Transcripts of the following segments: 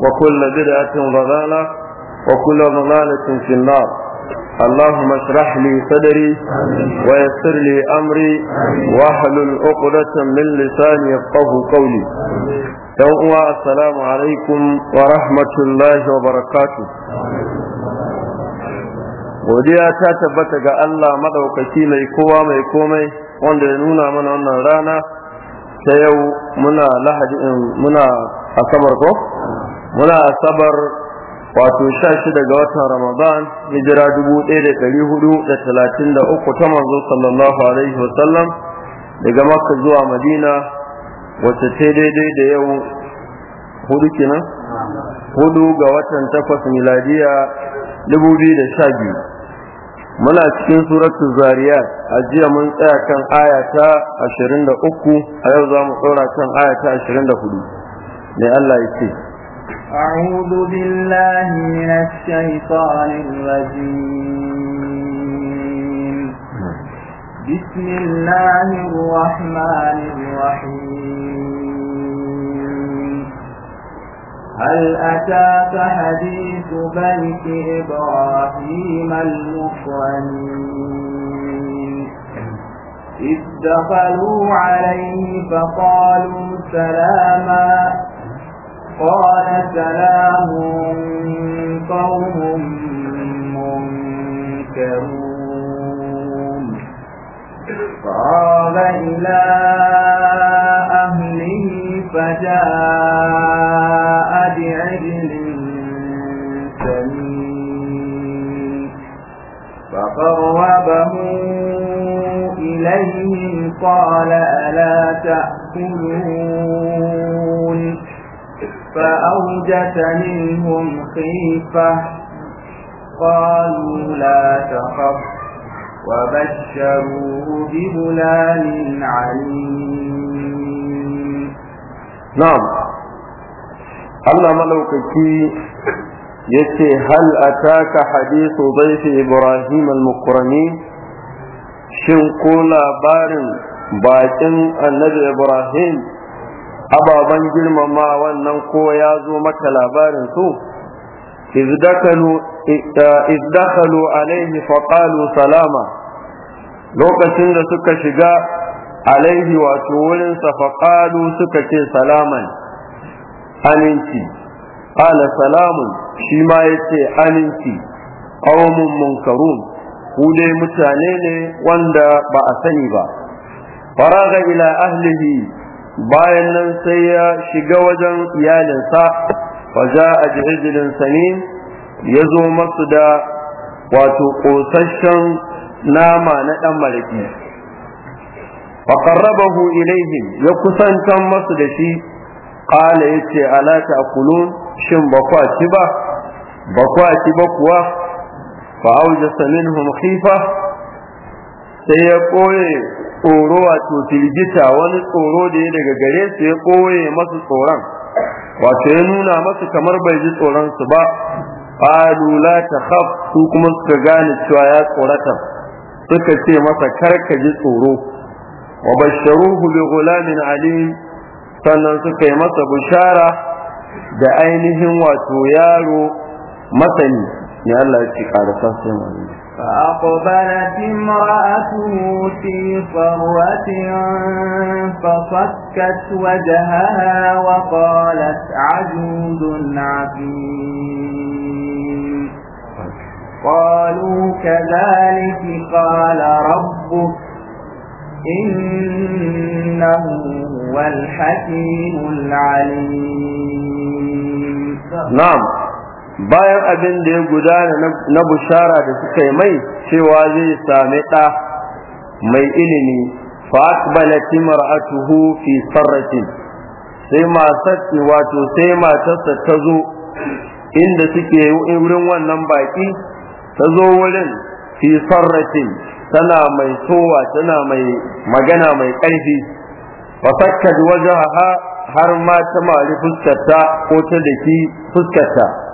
وكل بدعة ضلالة وكل ضلالة في النار اللهم اشرح لي صدري ويسر لي أمري واحلل عقدة من لساني يفقه قولي يوم السلام عليكم ورحمة الله وبركاته godiya ta tabbata ga Allah madaukaki mai kowa mai komai wanda ya nuna mana wannan rana ta yau muna lahadi muna asabar ko muna asabar wato sha shida ga watan ramadan hijira dubu ɗaya da ɗari hudu da talatin da uku ta manzo sallallahu alaihi wasallam daga maka zuwa madina wacce ta daidai da yau hudu kenan hudu ga watan takwas miladiya dubu biyu da sha biyu muna cikin suratul zariyat a jiya mun tsaya kan aya ta ashirin da uku a yau za mu ɗora kan aya ta ashirin da hudu ne allah ya ce أعوذ بالله من الشيطان الرجيم بسم الله الرحمن الرحيم هل أتاك حديث بيت إبراهيم المكرمين إذ دخلوا عليه فقالوا سلاما قال سلام قوم منكرون قال إلى أهله فجاء بعجل سمين فقربه إليهم قال ألا تأكلون فأوجس منهم خيفة قالوا لا تخف وبشروه بغلام عليم نعم الله ملوكك يتي هل أتاك حديث ضيف إبراهيم المقرني شنقو بارن باكن النبي إبراهيم ababen girmama wannan ko ya zo maka labarin su izdakalu eh, alaihi faƙalu salama lokacin da suka shiga alaihi wato wurinsa faƙalu suka ce salaman aminci ala salamun shi ma ya ce aminci ƙawamin munkarun ku dai mutane ne wanda ba a sani ba faraga ila ahlihi bayan nan sai ya shiga wajen iyalinsa fa a jirgin ijlin sani ya zo masu da wato kosasshen nama na dan mariki fa qarrabahu ilaihim ya kusantan masu da shi qala yace ala ta'kulun shin bakwa kwa ci ba ba ba kuwa fa aujasa khifa sai ya koye tsoro wato filgita, wani tsoro da ya daga gare su ya koye masu tsoron wato ya nuna masu kamar bai ji tsoron su ba qalu la takhaf su kuma suka gane cewa ya tsorata suka ce masa 'Kar ka ji tsoro wa basharuhu bi ghulamin alim sannan suka yi masa bushara da ainihin wato yaro masani ya Allah ya ci sai mu فأقبلت امرأته في صرة فصكت وجهها وقالت عجوز عظيم قالوا كذلك قال ربك إنه هو الحكيم العليم نعم bayan abin da ya gudana na bushara da suka yi mai cewa zai sami ɗa mai ilimi fa aqbalat fi sarratin sai masarki wato sai matarsa ta zo inda suke wurin wannan baƙi, ta zo wurin fi sarratin tana mai sowa tana mai magana mai ƙarfi fa wajen har ma ta mari fuskarta ko ta da ki fuskarta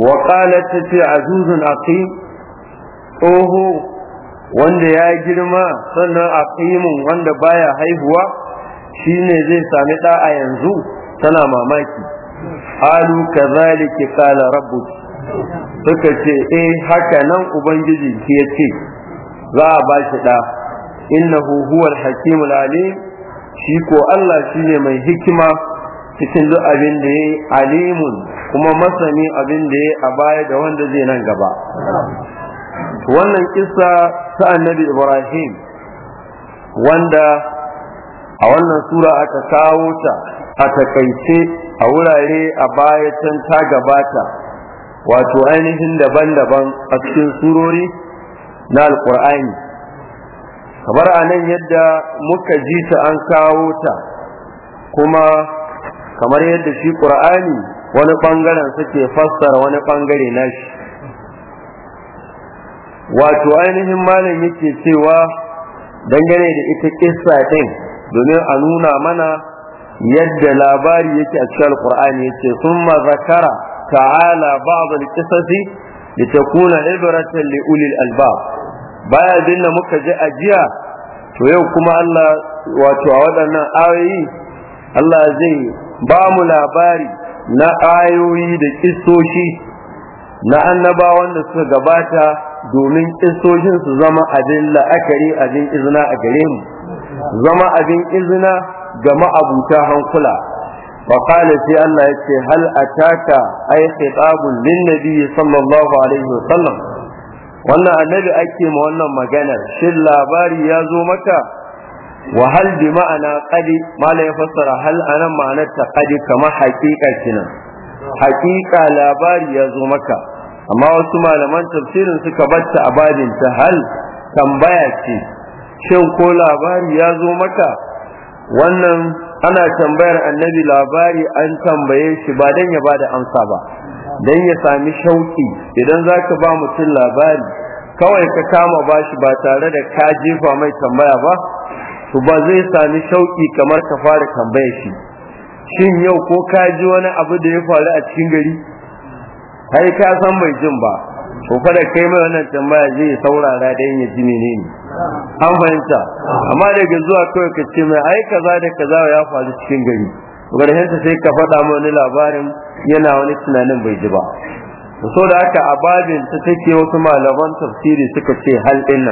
wa qalat tati azuzun aqim oho wanda ya girma sannan aqimun wanda baya haihuwa shine zai sami ɗa a yanzu tana mamaki alu kadhalika qala rabbuk suka ce eh haka nan ubangiji ke ce za a ba shi da inna huwal hakimul alim shi ko Allah shine mai hikima cikin duk abin da ya alimun kuma masani abin da ya a baya da wanda zai nan gaba wannan kissa ta annabi ibrahim wanda a wannan sura aka kawo ta a takaice a wurare a baya can ta gabata wato ainihin daban-daban a cikin surori na alkur'ani kamar a nan yadda muka ji ta an kawo ta kuma kamar yadda shi qur'ani wani bangaren suke fassara wani bangare nashi wato ainihin malam yake cewa dangane da ita kissa ɗin, domin a nuna mana yadda labari yake a cikin alqur'ani yake summa zakara ta'ala ba'd al-qisasi litakuna ibratan li ulil albab baya dinna muka ji ajiya to yau kuma Allah wato a waɗannan ayoyi Allah zai ba mu labari na ayoyi da kistoshi na annabawan da suka gabata domin kisoshin su zama abin la'akari abin izina a gare mu zama abin izina ga ma'abuta hankula faƙala sai Allah ya ce hal ataka ay khitabun lin nabi sallallahu alaihi wasallam wannan annabi ake ma wannan maganar shin labari ya zo maka wa hal bi ma'ana qadi mala ya fassara hal anan ma'anar ta qadi kamar haƙiƙa kinan haƙiƙa labari ya zo maka amma wasu malaman tafsirin suka batta a ta hal tambaya ce shin ko labari ya zo maka wannan ana tambayar annabi labari an tambaye shi ba dan ya bada amsa ba dan ya sami shauki idan zaka ba mutum labari kawai ka kama bashi ba tare da ka jefa mai tambaya ba to ba zai sami shauki kamar ka fara tambaya shi shin yau ko ka ji wani abu da ya faru a cikin gari kai ka san bai jin ba to fa kai mai wannan tambaya zai saurara da yin ji menene an fahimta amma daga zuwa kawai ka ce mai ai kaza da kaza ya faru cikin gari garhinsa sai ka faɗa wani labarin yana wani tunanin bai ji ba so da haka a babin ta take wasu malaman tafsiri suka ce hal ɗin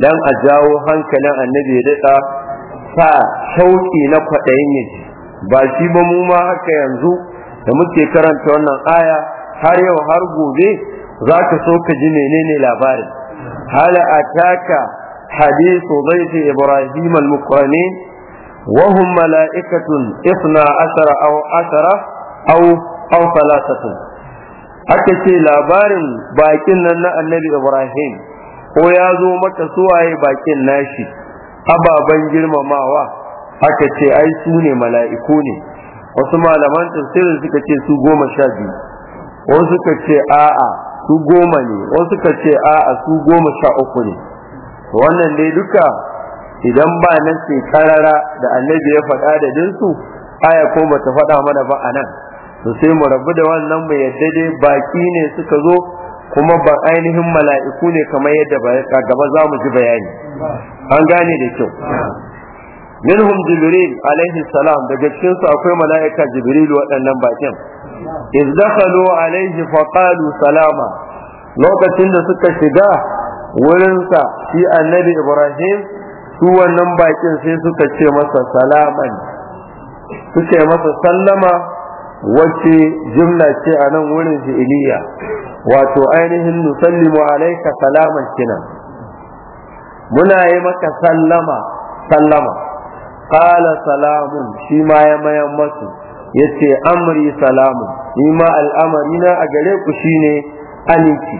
Idan a jawo hankalin annabi ya daɗa sa shauki na kwaɗayin ya ji ba shi ba mu ma haka yanzu da muke karanta wannan aya har yau har gobe za ka so ka ji menene labarin hala ataka hadithu dhayfi ibrahim al-mukramin wa hum mala'ikatun ithna asara aw asara aw aw salasatun aka ce labarin baƙin nan na annabi ibrahim ko ya zo maka suwaye bakin nashi ababen girmamawa aka ce ai su ne mala'iku ne wasu malaman tafsirin suka ce su goma sha biyu wasu suka ce a'a su goma ne wasu suka ce a'a su goma sha uku ne wannan dai duka idan ba na ce karara da annabi ya faɗa da dinsu aya ko ta faɗa mana ba a nan to sai mu rabu da wannan mai yadda dai baki ne suka zo kuma ban ainihin mala'iku ne kamar yadda gaba za mu ji bayani an gane da kyau minhum jibril alaihi salam daga cikin su akwai mala'ika jibril waɗannan bakin iz dakhalu alaihi fa salama lokacin da suka shiga wurinsa shi annabi ibrahim su wannan bakin sai suka ce masa salaman suka yi masa sallama wacce jumla ce a nan wurin fi'iliya wato ainihin nusallimu alaika salaman kinan muna yi maka sallama sallama qala salamun shi ma ya mayan masu yace amri salamun ni ma al'amari na a gare ku shine Aliki,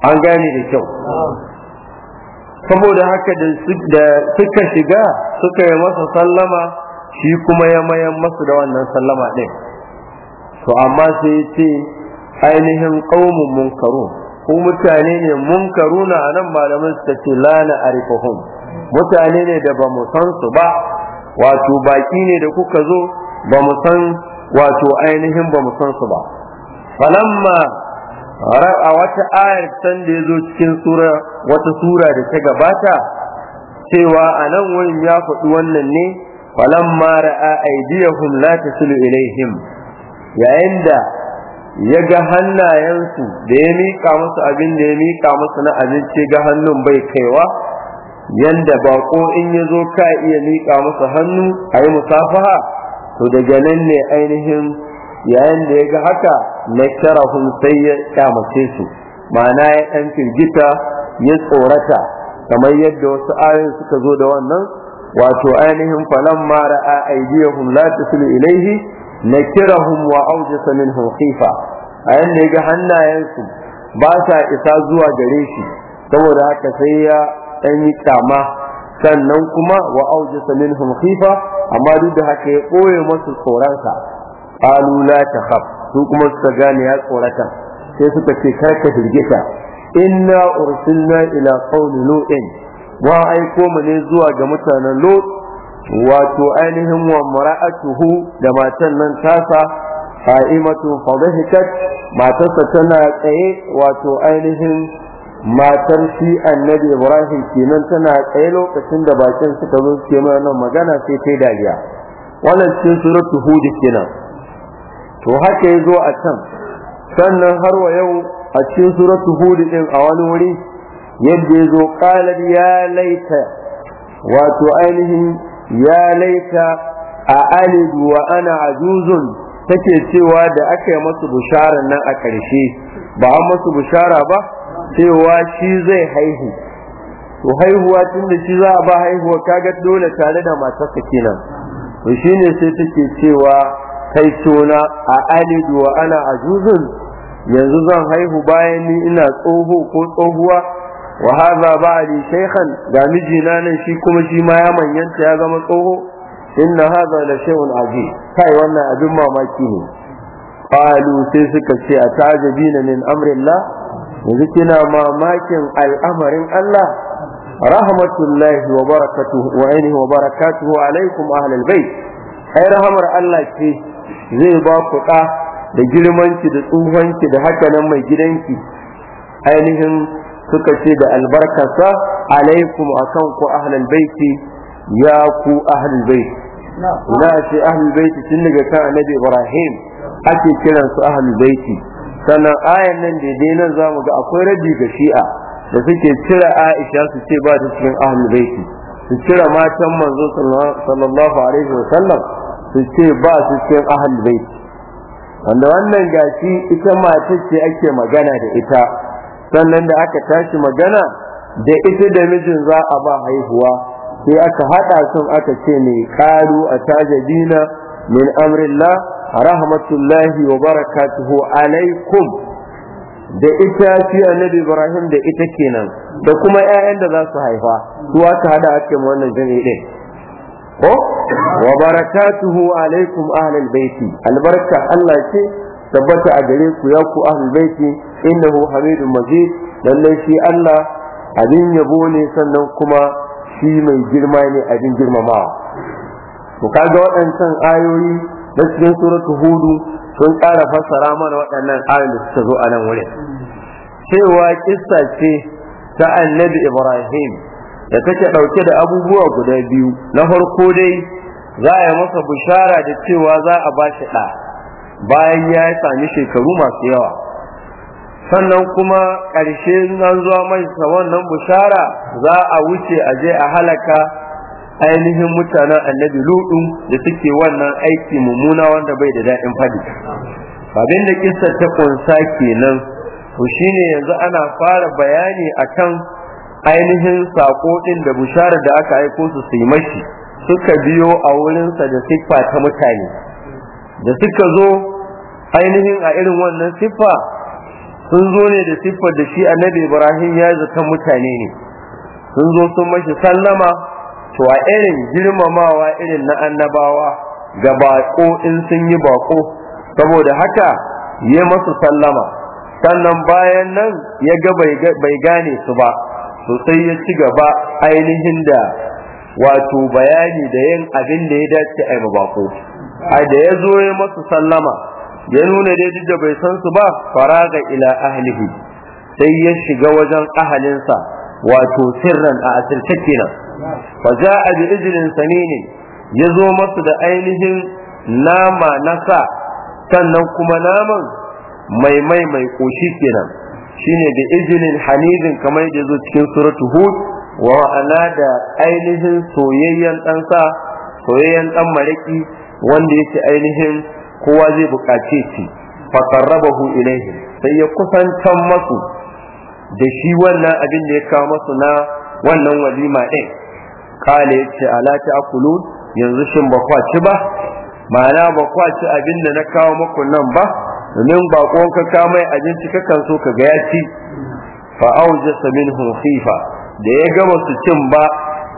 an gane da kyau saboda haka da suka shiga suka yi masa sallama shi kuma ya mayan masu da wannan sallama din to amma sai ya ce ainihin qaumun Munkaru ko mutane ne Munkaru a nan malaman su ce la na arifuhum mutane ne da ba mu san su ba wato baki ne da kuka zo ba mu san wato ainihin ba mu san su ba falamma a wata ayar san da ya zo cikin sura wata sura da ta gabata cewa a nan wurin ya faɗi wannan ne falamma ra'a aidiyahum la tasilu ilaihim yayin da ya ga hannayensu da ya miƙa musu abin da ya miƙa musu na abinci ga hannun bai kaiwa yanda bako in ya zo ka iya miƙa musu hannu a yi musafaha to daga nan ne ainihin yayin da ya ga haka na sharafin sai ya kyamace su ma'ana ya ɗan firgita ya tsorata kamar yadda wasu ayoyin suka zo da wannan wato ainihin mara a aidiyahum la tasilu ilaihi nakirahum wa awjasa minhum khifa a yanda ga hannayensu ba sa isa zuwa gare shi saboda haka sai ya dan yi sannan kuma wa awjasa minhum khifa amma duk da haka ya koye masu tsoronsa qalu la takhaf su kuma suka gane ya tsorata sai suka ce kar ka inna ursilna ila qaumi lu'in wa aiko mu ne zuwa ga mutanen lu'in wato ainihin wa mara'atuhu da matan nan tasa fa'imatu fadhikat matarsa tana tsaye wato ainihin matar shi annabi ibrahim kenan tana tsaye lokacin da bakin suka zo suke mana magana sai ta dariya wannan cikin suratu hud kenan to haka yazo a can sannan har wa yau a cikin suratu hud din a wani wuri yadda yazo qala ya laita wato ainihin ya laita a alid wa ana ajuzun take cewa da aka yi masu bisharar nan a ƙarshe ba an masu bishara ba cewa shi zai haihu to haihuwa tun da shi za a ba haihuwa kaga dole tare da matarsa kenan to ne sai take cewa kai tona a alid wa ana ajuzun yanzu zan haihu bayan ni ina tsoho ko tsohuwa wa haza ba'di shaykhan ga mijina nan shi kuma shi ma ya manyanta ya zama tsoho inna haza la shay'un ajib kai wannan abin mamaki ne qalu sai suka ce a ta'jabina min amrillah yanzu kina mamakin al'amarin Allah rahmatullahi wa barakatuhu wa ainihi wa barakatuhu alaikum ahlul bait ai rahmar Allah ce zai ba ku da girmanki da tsufanki da hakanan mai gidanki ainihin suka ce da albarkasa alaikum akan ku ahlul baiti ya ku ahlul baiti na ce ahlul baiti tun daga kan annabi ibrahim ake kiran su ahlul baiti sannan ayan nan daidai nan zamu ga akwai rabi ga shi'a da suke cire aisha su ce ba ta cikin ahlul baiti su cire matan manzo sallallahu alaihi wa sallam su ce ba su cikin ahlul baiti wanda wannan gashi ita mace ce ake magana da ita sannan da aka tashi magana da ita da mijin za a ba haihuwa sai aka haɗa sun aka ce mai ƙaru a tajadina min amrillah rahmatullahi wa barakatuhu alaikum da ita fi annabi ibrahim da ita kenan da kuma 'ya'yan da za su haifa su aka hada ake wannan jami'i ɗin ko wa barakatuhu alaikum ahlul baiti albarka Allah ce tabbata a gare ku ya ku ahlul baiti innahu hamidun majid lallai shi Allah abin yabo ne sannan kuma shi mai girma ne abin girmamawa to kaga waɗancan ayoyi na cikin suratu hudu sun ƙara fassara mana waɗannan ayoyin da suka zo a nan wurin cewa kissa ce ta annabi Ibrahim da take ɗauke da abubuwa guda biyu na farko dai za a yi masa bishara da cewa za a ba shi ɗa bayan ya sami shekaru masu yawa sannan kuma ƙarshe na zuwa mai sa wannan bushara za a wuce a je a halaka ainihin mutanen annabi ludun da suke wannan aiki mummuna wanda bai da daɗin fadi. abin da kisa ta kunsa kenan to shine yanzu ana fara bayani akan ainihin sako din da bushara da aka aiko su su yi mashi suka biyo a wurinsa da siffa ta mutane da suka zo ainihin a irin wannan siffa sun zo ne da siffar da shi annabi ibrahim ya zata mutane ne sun zo sun mashi sallama to a irin girmamawa irin na annabawa ga bako in sun yi bako saboda haka ya masu sallama sannan bayan nan ya ga bai gane su ba sosai ya ci gaba ainihin da wato bayani da yin abin da ya dace a bako a da ya zo ya masu sallama ya nuna dai duk da bai san su ba faraga ila ahlihi sai ya shiga wajen ahalinsa wato sirran a asirce kenan fa ja'a bi ijlin sanini ya zo masu da ainihin nama na sa sannan kuma naman mai mai mai koshi kenan shine da ijlin hanizin kamar da zo cikin suratu hud wa ana da ainihin soyayyen dan sa soyayyen dan mariki wanda yake ainihin kowa zai bukace shi fa qarrabahu ilaihim sai ya kusantan masu da shi wannan abin da ya kawo masu na wannan walima din kale yace ala Akulu, yanzu shin ba kwa ci ba ma'ana ba kwa ci abin da na kawo muku nan ba domin bakon ka ka mai abinci kakan so ka ga ya ci fa aujasa minhu khifa da ya gama su cin ba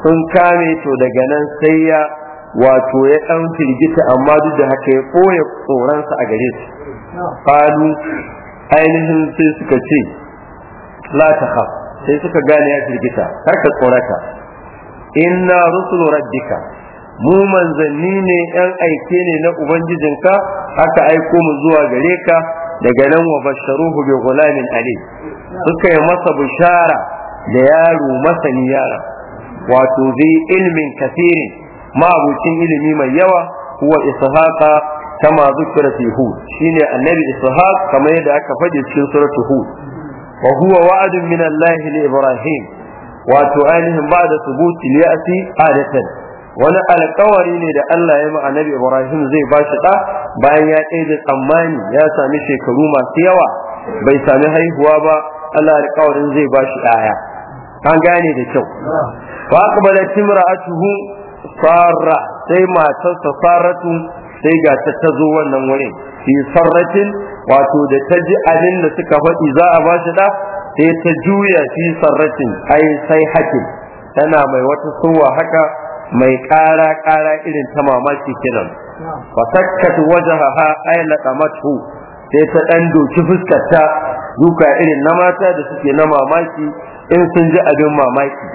sun kame to daga nan sai ya wato ya ɗan firgita amma duk da haka ya ɓoye tsoronsa a gare su falu ainihin sai suka ce la ta haf sai suka gane ya firgita har ka tsorata inna rusulu rabbika mu manzanni ne yan aike ne na ubangijinka aka aiko mu zuwa gare ka daga nan wa basharuhu bi gulamin ali suka yi masa bishara da yaro masani yara wato zai ilmin kafirin ma ilimi mai yawa huwa ishaqa kama zukira fi hud shine annabi ishaq kamar yadda aka faɗi cikin suratu hud wa huwa wa'adun min allahi li ibrahim wato ainihin ba'da subuti-liyasi, adatan wani alkawari ne da Allah ya ma annabi ibrahim zai ba shi da bayan ya kai tsammani ya sami shekaru masu yawa bai sami haihuwa ba Allah alkawarin zai bashi shi ɗaya an gane da kyau fa aqbalat imra'atuhu fara sai matarsa sarratu sai ga ta ta zo wannan wurin fi sarratin wato da ta ji abin da suka faɗi za a ba shi da sai ta juya fi sarratin ai sai hakin tana mai wata suwa haka mai ƙara ƙara irin ta mamaki kenan fa sakkat wajhaha ay laqamathu sai ta dan doki fuskarta duka irin na mata da suke na mamaki in sun ji abin mamaki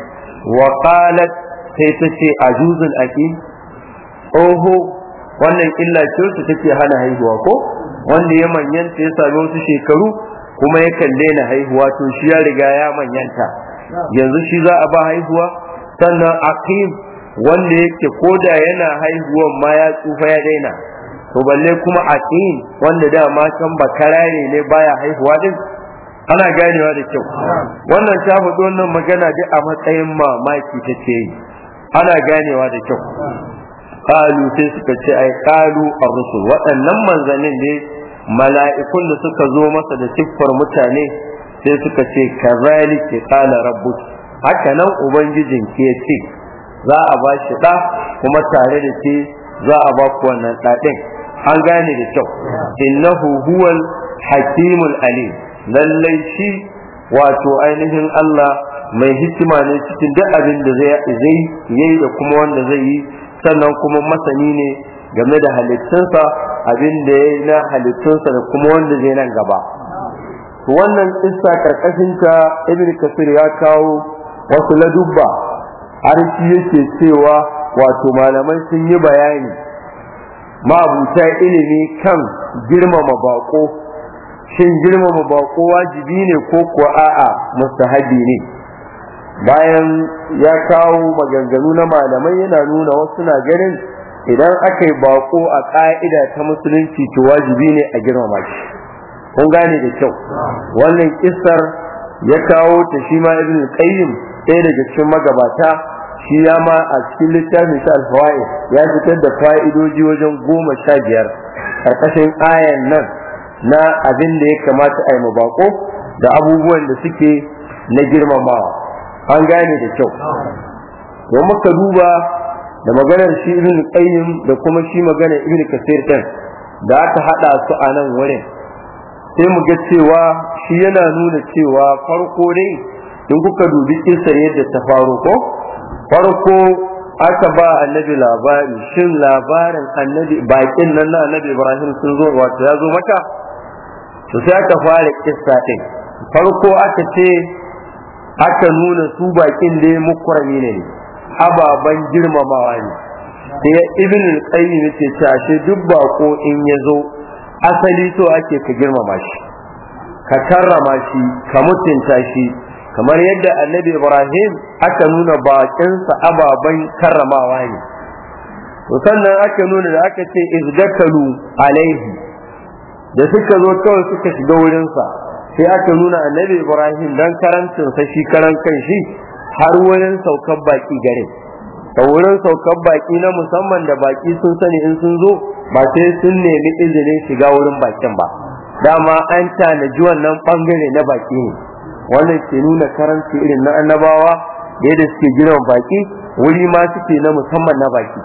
wa qalat sai ta ce ajuzul ake oho wannan illa ta take hana haihuwa ko wanda ya manyanta ya sami wasu shekaru kuma ya kalle na haihuwa to shi ya riga ya manyanta yanzu shi za a ba haihuwa sannan aqim wanda yake ko da yana haihuwan ma ya tsufa ya daina to balle kuma aqim wanda da ma can bakara ne baya haihuwa din ana ganewa da kyau wannan shafi faɗi magana duk a matsayin mamaki take yi ana ganewa da kyau qalu sai suka ce ai qalu ar-rusul waɗannan manzannin ne mala'ikun da suka zo masa da siffar mutane sai suka ce kazalika qala rabbuk haka nan ubangijin ke ce za a ba shi da kuma tare da ke za a ba ku wannan ɗaɗin an gane da kyau innahu huwal hakimul alim lallai shi wato ainihin Allah mai hikima ne cikin duk abin da zai yi da kuma wanda zai yi sannan kuma masani ne game da halittunsa abin da ya yi na halittunsa da kuma wanda zai nan gaba wannan isa karkashinta ibn kasir ya kawo wasu ladubba har shi yake cewa wato malamai sun yi bayani ma'abuta ilimi kan girmama bako shin girmama bako wajibi ne ko kuwa a'a mustahabi ne bayan ya kawo maganganu na malamai yana nuna wasu na ganin idan aka yi bako a ƙa'ida ta musulunci to wajibi ne a girmama shi kun gane da kyau wannan kissar ya kawo ta shi ma ibn qayyim ɗaya daga cikin magabata shi ya ma a cikin littafin sa alfawa'i ya fitar da fa'idoji wajen goma sha biyar karkashin ayan nan na abin da ya kamata a yi mabako da abubuwan da suke na girmamawa an gane da kyau wa muka duba da maganar shi ibn qayyim da kuma shi maganar ibn kasir din da aka hada su a nan wurin sai mu ga cewa shi yana nuna cewa farko dai in kuka dubi kisar yadda ta faru ko farko aka ba annabi labari shin labarin annabi bakin nan na annabi ibrahim sun zo wato ya zo maka to sai aka fara kissa din farko aka ce aka nuna su bakin da ya mukurami ne ababen girmamawa ne sai ya ibn al-qayyim yace tashe duk bako in ya zo asali to ake ka girmama shi ka karrama shi ka mutunta shi kamar yadda annabi ibrahim aka nuna bakinsa ababan karramawa ne sannan aka nuna da aka ce izgatalu alaihi da suka zo kawai suka shiga wurinsa sai aka nuna annabi ibrahim dan karancin sa shi karan kan shi har wurin saukan baki garin da wurin saukan baki na musamman da baki sun sani in sun zo ba sai sun nemi izinin shiga wurin bakin ba dama an tanaji wannan bangare na baki ne wannan ke nuna karanci irin na annabawa da yadda suke gina baki wuri ma suke na musamman na baki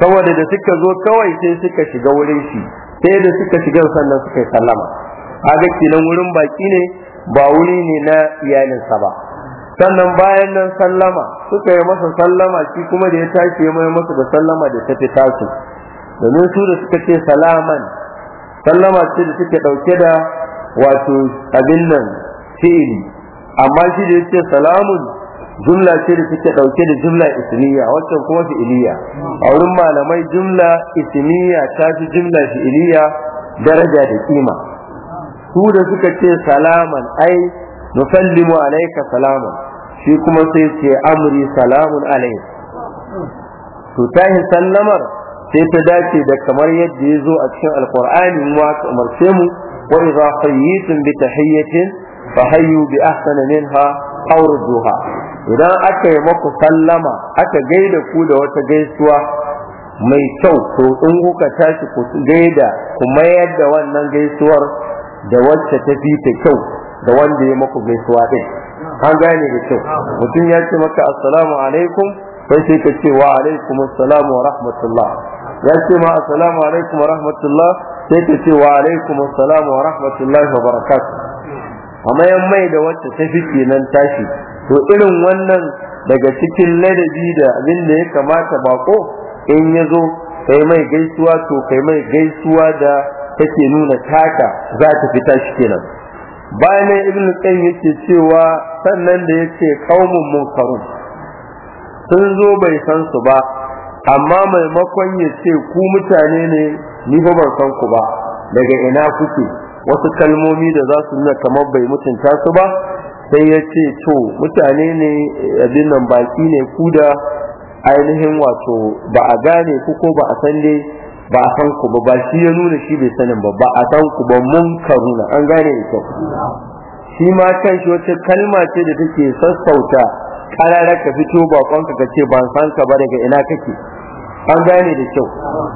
saboda da suka zo kawai sai suka shiga wurin shi sai da suka shiga sannan suka yi sallama kaga kenan wurin baki ne ba wuri ne na iyalinsa ba sannan bayan nan sallama suka yi masa sallama shi kuma da ya tashi ya mai masa da sallama da ta fita su domin su da suka ce salaman sallama ce da suke dauke da wato abin nan fi'ili amma shi da ya ce salamun jumla ce da suke dauke da jumla ismiya waccan kuma fi'iliya a wurin malamai jumla ismiya ta fi jumla fi'iliya daraja da kima su da suka ce salaman ai nusallimu alaika salaman shi kuma sai ce amri salamun alaik to yi sallamar sai ta dace da kamar yadda ya zo a cikin alkur'ani mu aka umarce mu wa idza hayyitum bi tahiyyatin fa hayyu bi ahsana minha aw rudduha idan aka yi maku sallama aka gaida ku da wata gaisuwa mai kyau to in kuka tashi ku gaida ku mayar da wannan gaisuwar da wacce ta fi ta kyau da wanda ya maku gaisuwa din an gane da kyau mutum ya ce maka assalamu alaikum sai sai ka ce wa alaikum assalam wa rahmatullah ya ce ma assalamu alaikum wa rahmatullah sai ka ce wa alaikum assalam wa rahmatullah wa barakat amma yan mai da wacce ta fi kenan tashi to irin wannan daga cikin ladabi da abin da ya kamata bako in ya zo kai mai gaisuwa to kai mai gaisuwa da take nuna taka za ta fita shi kenan bayan nan ibn qayyim yake cewa sannan da yake qaumun munkarun sun zo bai san su ba amma maimakon ya ce ku mutane ne ni ba ban san ku ba daga ina kuke wasu kalmomi da za su nuna kamar bai mutunta su ba sai ya ce to mutane ne abin nan baki ne ku da ainihin wato ba a gane ku ko ba a san dai ba a san ku ba ba shi ya nuna shi bai sanin ba ba a san ku ba mun karuna an gane da kyau shi ma kan shi wata kalma ce da take sassauta karara ka fito bakonka ka ce ban san ka ba daga ina kake an gane da kyau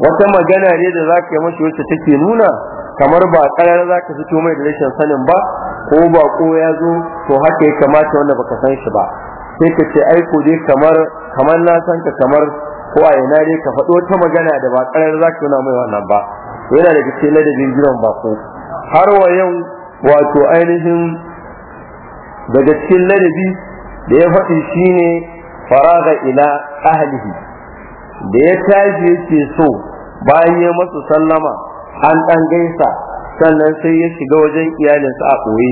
wata magana ne da za ka yi mashi wacce take nuna kamar ba karara za ka fito mai da rashin sanin ba ko ba ko ya zo to haka ya kamata wanda baka san shi ba sai ka ce aiko dai kamar kamar na san ka kamar ko a ina ne ka faɗo ta magana da ba ƙarar za ka nuna mai wannan ba to yana daga cikin ladabin ba bako har wa yau wato ainihin daga cikin ladabi da ya faɗi shine faraga ila ahlihi da ya tashi yake so bayan ya masu sallama an ɗan gaisa sannan sai ya shiga wajen iyalinsa a ɓoye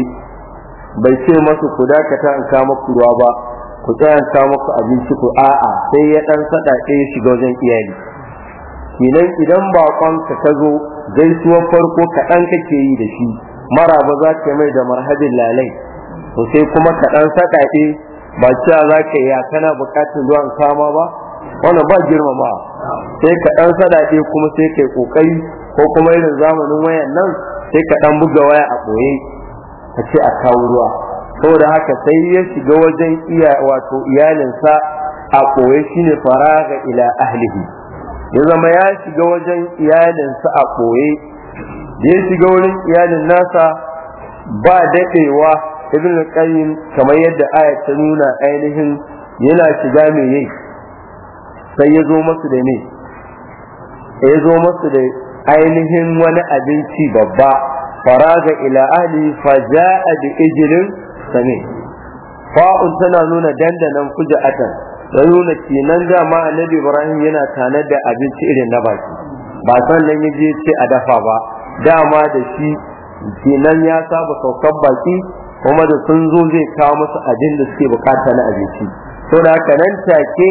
bai ce masu ku dakata in kama ruwa ba ku tsayanta muku abinci ku a'a sai ya dan sada ya shiga wajen iyali kinan idan baƙonka ka zo gaisuwar farko kaɗan kake yi da shi mara ba za ka mai da marhabin lalai to sai kuma kaɗan saɗaɗe ba cewa za ka yi kana buƙatar zuwan kama ba wannan ba girmama sai kaɗan saɗaɗe kuma sai kai ƙoƙari ko kuma irin zamanin wayan nan sai kaɗan buga waya a ɓoye ka ce a kawo ruwa saboda haka sai ya shiga wajen iya wato iyalinsa a shi shine faraga ila ahlihi ya zama ya shiga wajen iyalinsa a koye ya shiga wurin iyalin nasa ba daɗewa ibn qayyim kamar yadda aya ta nuna ainihin yana shiga me yi sai ya zo masu da ne ya zo masu da ainihin wani abinci babba faraga ila ahli faja'a bi ijlin sami fa'un tana nuna dandanan atan da nuna kenan dama annabi ibrahim yana tana da abinci irin na baki ba sannan ya je ce a dafa ba dama da shi kenan ya saba saukan baki kuma da sun zo zai kawo musu abin da suke bukata na abinci to da haka nan take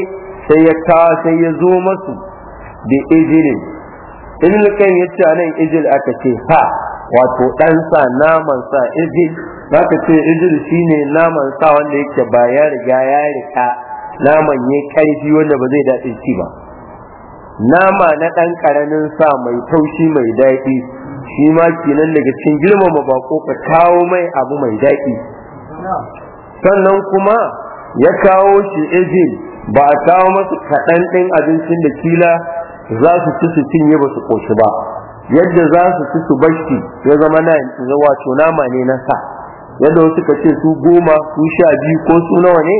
sai ya kawo sai ya zo masu da ijilin in kai ya anan ijil aka ce ha wato ɗansa naman sa izil zaka ce izil shine naman sa wanda yake ba ya riga ya rika naman ya karfi wanda ba zai daɗe ci ba nama na ɗan ƙaramin sa mai taushi mai daɗi shi ma kenan daga cikin girmama bako ka kawo mai abu mai daɗi sannan kuma ya kawo shi izil ba a kawo masa kaɗan ɗin abincin da kila za su ci su cinye ba su ƙoshi ba yadda za su ci su bashi ya zama na wato nama ne na sa yadda wasu ka ce su goma su sha biyu ko su nawa ne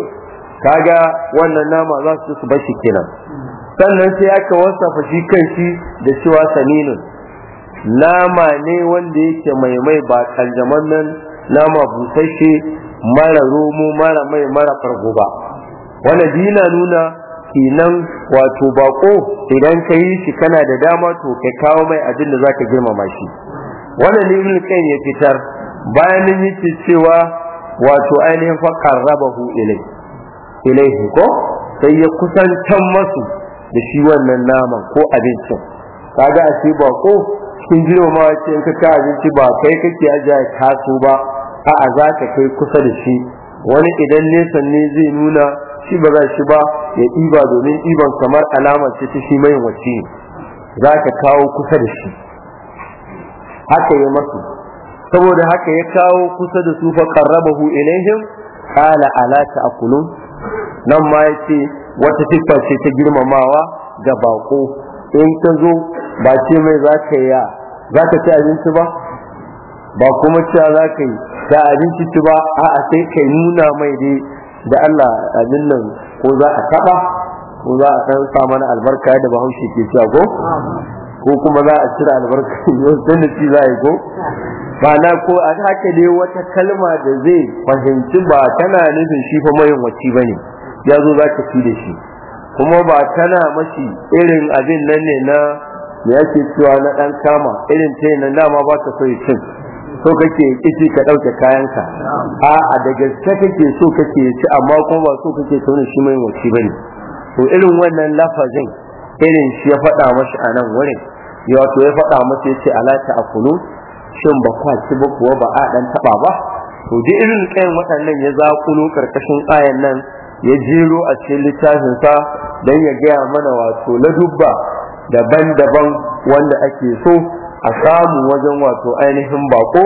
kaga wannan nama za su ci su bashi kenan sannan sai aka wasafa shi kan shi da cewa saninun nama ne wanda yake mai mai ba kanjaman nan nama busasshe mara romo mara mai mara fargo ba wannan dina nuna kenan wato bako idan ka yi shi kana da dama to ka kawo mai abin da zaka girmama shi wannan ne ibn kayyim ya fitar bayan yake cewa wato ainihin fa qarrabahu ilai ilaihi ko sai ya kusantan masu da shi wannan naman ko abincin kaga a ce bako cikin girmama ce in ka abinci ba kai kake ajiya taso ba a'a za ka kai kusa da shi wani idan nesa ne zai nuna shi ba za shi ba ya ɗiba domin ɗiban kamar alama ce ta shi mai wacce za ka kawo kusa da shi haka ya masu saboda haka ya kawo kusa da su fa qarrabahu ilaihim qala ala ta'kulun nan ma ce wata tikka ce ta girmamawa ga bako in ka zo ba ce mai za ka ya za ka ci abinci ba ba kuma cewa za ka yi da abinci ci ba a'a sai ka nuna mai dai da Allah abin nan ko za a taba ko za a san sa mana albarka da bahaushe ke cewa ko ko kuma za a cire albarka yau da shi za a yi ko ba na ko a haka dai wata kalma da zai fahimci ba tana nufin shi fa mayin wacce bane ya zo za ka fi da shi kuma ba tana mashi irin abin nan ne na ya ce cewa na dan kama irin ta na dama ba ta so ya cin so kake kici ka dauke kayanka a'a da gaske kake so kake ci amma kuma ba so kake so ne shi mai wuci bane to irin wannan lafazin irin shi ya faɗa mashi a nan wurin ya to ya faɗa ya ce alata akulu shin ba kwa ci ba kuwa ba a dan taba ba to duk irin kayan waɗannan ya za zakulo karkashin kayan nan ya jero a cikin littafin sa dan ya gaya mana wato ladubba daban-daban wanda ake so a samu wajen wato ainihin bako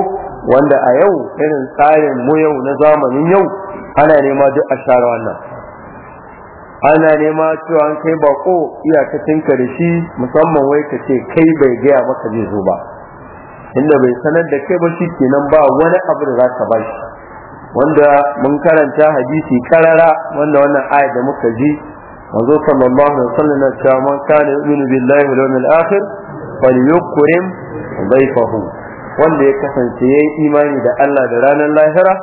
wanda a yau irin tsarin mu yau na zamanin yau ana nema duk a share wannan ana nema cewa an kai bako tinka da shi musamman wai ka ce kai bai gaya maka zai zo ba inda bai sanar da kai ba shi kenan ba wani abu da za ka ba shi wanda mun karanta hadisi karara wanda wannan ayat da muka ji manzo sallallahu alaihi wasallam ya ce man kana yu'minu billahi wal yawmil akhir falyukrim dhaifahu wanda ya kasance yayi imani da Allah da ranar lahira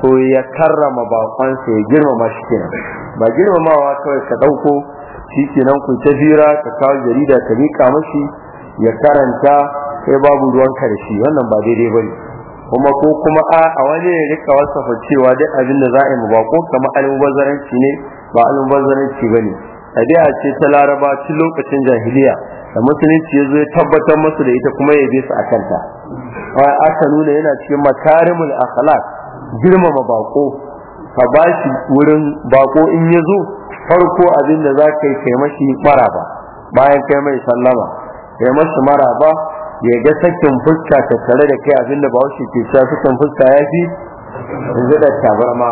to ya karrama sa ya girmama shi kenan ba girmamawa kawai ka dauko shi kenan ku ta jira ka kawo jarida ka rika mashi ya karanta sai babu ruwan karshe wannan ba daidai bane kuma ko kuma a wani ya rika wasafa cewa duk abin da za a yi mabako kamar almubazzaranci ne ba almubazzaranci bane ɗabi'a ce ta laraba tun lokacin jahiliya da musulunci ya zo ya tabbatar masu da ita kuma ya je su a kanta wai aka nuna yana cikin makarimul akhlaq girmama bako ka ba shi wurin bako in ya zo farko abin da za ka kai mashi maraba bayan kai mai sallama kai mashi maraba ya ga sakin fuska ta tare da kai abin da bawashi ke sa sakin fuska ya fi zuɗa tabarma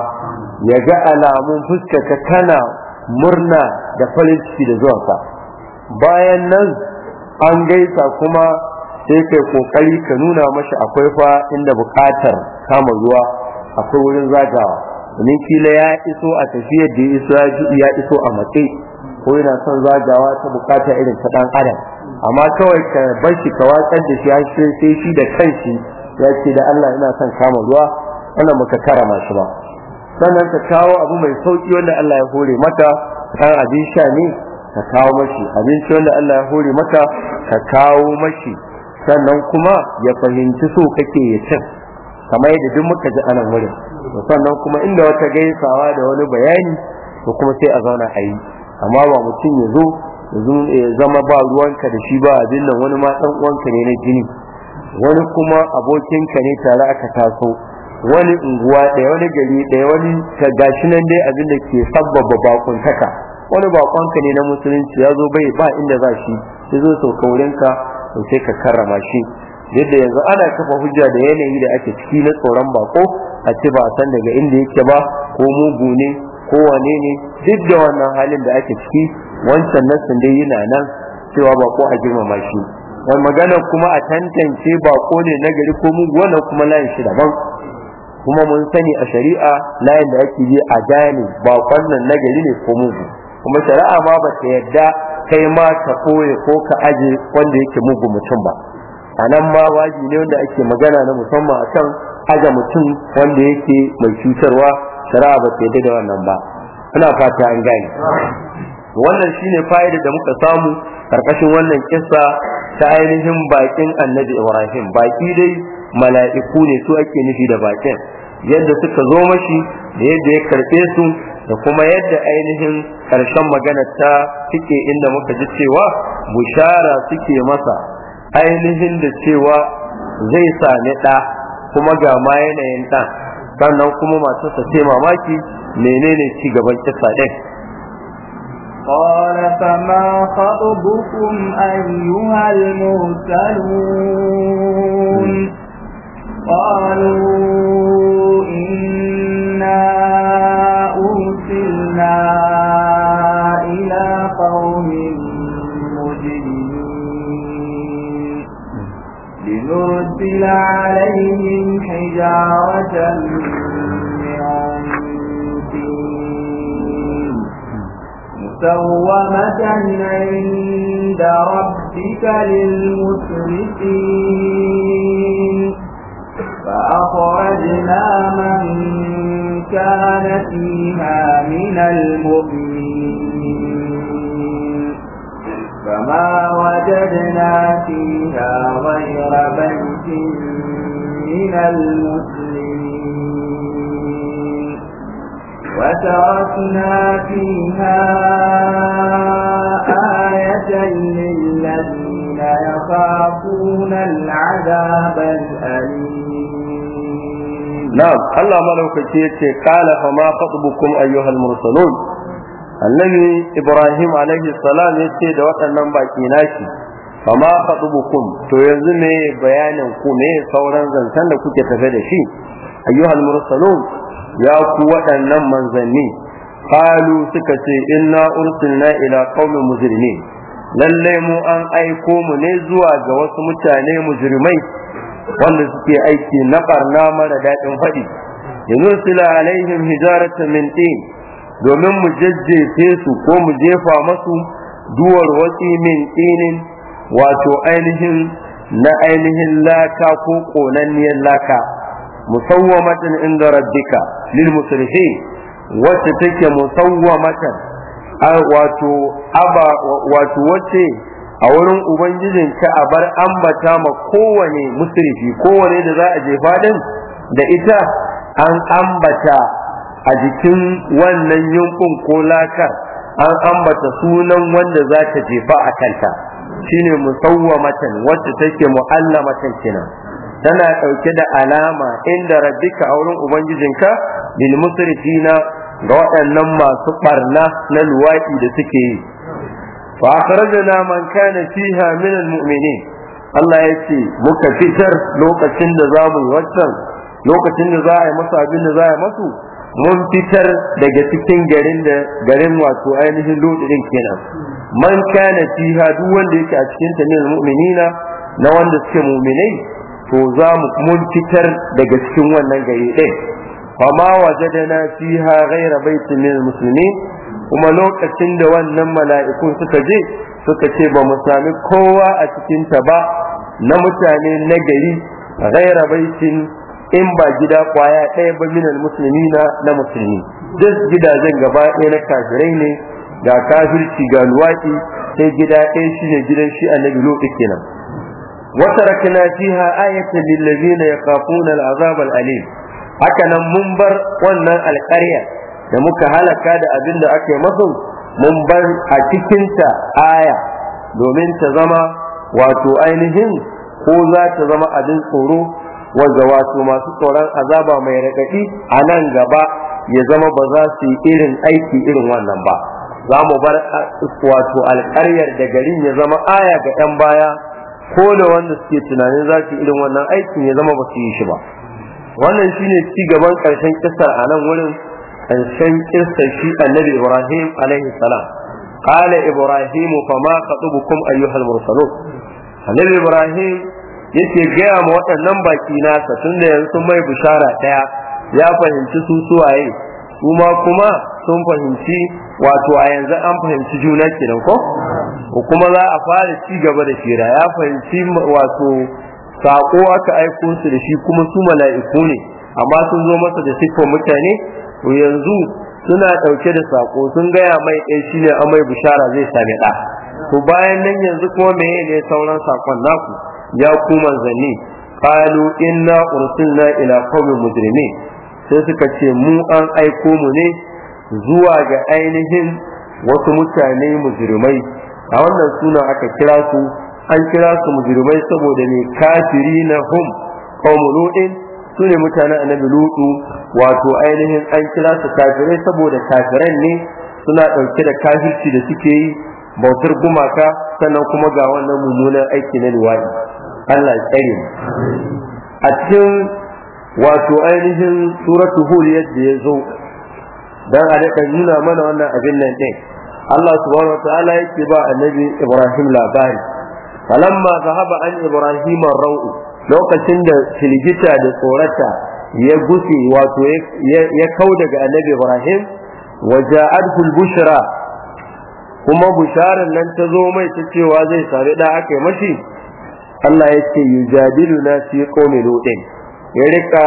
ya ga alamun fuska ka kana murna da farin ciki da zuwanka bayan nan an gaisa kuma sai kai kokari ka nuna mashi akwai fa inda bukatar kama zuwa akwai wurin zagawa domin kila ya iso a tafiyar da ya iso a matse ko yana son zagawa ta bukata irin ta dan adam amma kawai ka bar shi ka watsar da shi sai shi da kanshi ya ce da Allah ina son kama zuwa ana baka karama shi ba sannan ka kawo abu mai sauki wanda Allah ya hore maka kan abin sha ne ka kawo mashi abinci wanda Allah ya hore maka ka kawo mashi sannan kuma ya fahimci so kake ya cin kamar yadda duk muka ji anan wurin sannan kuma inda wata gaisawa da wani bayani to kuma sai a zauna a yi amma ba mutum ya zo ya zama ba ruwanka da shi ba abin nan wani ma dan uwanka ne na jini wani kuma abokinka ne tare aka taso wani unguwa ɗaya wani gari ɗaya wani gashi nan dai abin da ke sabbaba bakuntaka wani bakonka ne na musulunci ya zo bai ba inda za shi ya zo sau kaurinka to sai ka karrama shi yadda yanzu ana kafa hujja da yanayi da ake ciki na tsoron bako a ce ba a san daga inda yake ba ko mugu ne ko wane ne duk da wannan halin da ake ciki wancan nasin dai yana nan cewa bako a girmama shi wani magana kuma a tantance bako ne na gari ko mugu wannan kuma layin shi daban kuma mun sani a shari'a layin da ake yi a gane bakon nan na gari ne ko mugu kuma shari'a ma ba ta yadda kai ma ka koye ko ka aje wanda yake mugu mutum ba a nan ma waji ne wanda ake magana na musamman a kan aje mutum wanda yake mai cutarwa shari'a ba ta yadda da wannan ba ina fata an gane wannan shine fa'ida da muka samu karkashin wannan kissa ta ainihin bakin annabi ibrahim baki dai mala'iku ne su ake nufi da bakin yadda suka zo mashi da yadda ya karɓe su da kuma yadda ainihin ƙarshen magana ta suke inda muka ji cewa bushara suke masa ainihin da cewa zai sami ɗa kuma ga ma yanayin ɗan sannan kuma masu sa ce mamaki menene ci gaban kisa ɗin قال فما خطبكم أيها المرسلون قالوا إنا إِلَى قَوْمٍ مُجْرِمِينَ لِنُرْسِلَ عَلَيْهِمْ حِجَارَةً مِّن طِينٍ مُّسَوَّمَةً عِندَ رَبِّكَ لِلْمُسْرِفِينَ فأخرجنا من كان فيها من المؤمنين فما وجدنا فيها غير بيت من المسلمين وتركنا فيها آية للذين يخافون العذاب الأليم na'am Allah malaukaki yace qala fa ma khatubukum ayyuhal mursalun annabi ibrahim alaihi salam yace da waɗannan baki nashi. fa ma khatubukum to yanzu ne bayanin ku ne sauran zantan da kuke tafe da shi ayyuhal mursalun ya ku waɗannan manzanni qalu suka ce inna ursilna ila qaumin mujrimin lalle mu an aiko mu ne zuwa ga wasu mutane mujrimai wanda suke aiki na barna mara daɗin faɗi sila alaihin hijarata min ɗin, domin mu jajjefe su ko mu jefa masu duwar wasi min ɗinin, wato ainihin na ainihin laka ko ƙonanniyar laka musawwamatan inda rabbika lil musulhi wacce take musawwamatan wato aba wato wacce a wurin ubangijin ka a bar ambata ma kowane musrifi kowane da za a jefa din da ita an ambata a jikin wannan yunkun ko lakar an ambata sunan wanda za ta jefa a kanta shine musawwamatan wacce take mu'allamatan kenan tana ɗauke da alama inda rabbika a wurin ubangijinka bil musrifina ga waɗannan masu ɓarna na luwaɗi da suke yi fa akhrajna man kana fiha min almu'minin Allah ya ce muka fitar lokacin da za mu lokacin da za a yi masu abin da za a yi masu mun fitar daga cikin garin da garin wato ainihin lodin kenan man kana fiha duk wanda yake a cikin ta min almu'minina na wanda suke mu'minai to za mu mun fitar daga cikin wannan gari din fa ma wajadana fiha ghayra baitin min almuslimin kuma lokacin da wannan mala'ikun suka je suka ce ba mu sami kowa a cikin ta ba na mutane na gari ghaira baitin in ba gida kwaya ɗaya ba minal musulmi na na musulmi duk gidajen gaba ɗaya na kafirai ne ga kafirci ga luwaki sai gida ɗaya shi ne gidan shi annabi lokaci kenan وتركنا فيها آية للذين يخافون العذاب الأليم haka nan mun bar wannan alƙarya da muka halaka da abin da ake masu mun bar a cikinta aya domin ta zama wato ainihin ko za ta zama abin tsoro wanda wato masu tsoron azaba mai raɗaɗi a nan gaba ya zama ba za su yi irin aiki irin wannan ba za mu bar wato alƙaryar da garin ya zama aya ga 'yan baya ko da wanda suke tunanin za su irin wannan aikin ya zama ba su yi shi ba wannan shine ci gaban ƙarshen kisar a nan wurin an san kirsan shi annabi ibrahim alaihi salam qala ibrahim fa ma khatubukum ayyuhal mursalun annabi ibrahim yake gaya ma waɗannan baki nasa da yanzu mai bushara ɗaya ya fahimci su suwaye kuma kuma sun fahimci wato a yanzu an fahimci juna kenan ko kuma za a fara ci gaba da shira ya fahimci wato sako aka aiko su da shi kuma su mala'iku ne amma sun zo masa da siffar mutane to yanzu suna ɗauke da sako sun gaya mai ɗaya eh, ne amai bishara zai sami ɗa to bayan nan yanzu kuma meye ne sauran sakon naku ya ku manzanni qalu inna ursilna ila qaumin mujrimin sai suka ce mu an aiko mu ne zuwa ga ainihin wasu mutane mujrimai a wannan suna aka kira su an kira su mujrimai saboda ne kafiri na hum qaumun su ne mutanen annabi lutu wato ainihin an kira su kafirai saboda kafiran ne suna ɗauke da kafirci da suke yi bautar gumaka sannan kuma ga wannan mummunan aiki na luwaɗi Allah ya tsare a cikin wato ainihin suratu hud yadda ya zo dan a daɗa nuna mana wannan abin nan ɗin Allah subhanahu wa ta'ala yake ba annabi Ibrahim labari falamma zahaba an Ibrahim rauu lokacin da filgita da tsorata ya gusi wato ya kau daga annabi ibrahim waje Adhul bushra kuma busharar nan ta zo mai ta cewa zai sare ɗa aka yi mashi Allah ya ce yujadilu na fi qaumi lutin ya rika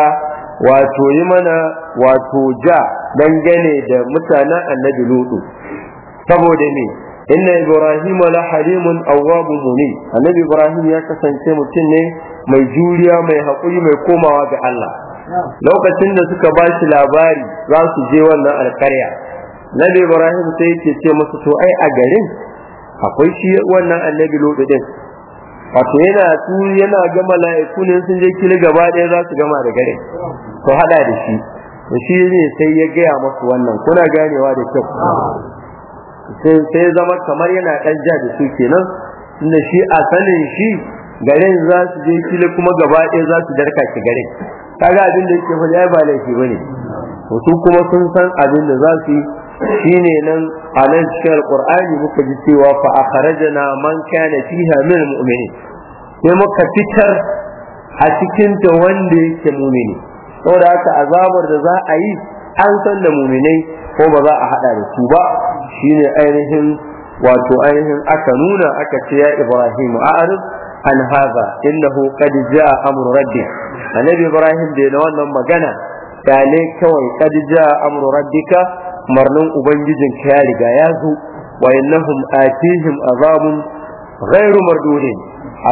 wato yi mana wato ja gane da mutanen annabi lutu saboda me inna ibrahima la halimun awwabun muni annabi ibrahim ya kasance mutum ne mai juriya mai hakuri mai komawa ga Allah lokacin da suka ba shi labari za su je wannan alƙarya nabi ibrahim sai yake ce musu to ai a garin akwai shi wannan annabi lodo din wato yana su yana ga mala'iku ne sun je kili gaba ɗaya za su gama da garin to hada da shi shi ne sai ya gaya musu wannan kuna ganewa da kyau sai zama kamar yana ɗan ja da su kenan tunda shi a sanin shi garin za su je kila kuma gaba ɗaya za su darka shi garin kaga abin da yake faɗi ai ba laifi bane su kuma sun san abin da za su shine nan a nan cikin alqur'ani muka ji cewa fa akhrajna man kana fiha min almu'minin sai muka fitar a cikin ta wanda yake mu'mini saboda haka azabar da za a yi an san da mu'minai ko ba za a hada da su ba shine ainihin wato ainihin aka nuna aka ce ya ibrahim a'rif an haza innahu qad jaa amru rabbi annabi ibrahim da na wannan magana ne kawai qad jaa amru rabbika marnin ubangijin ka ya riga ya zo wa innahum atihim azabun ghairu mardudin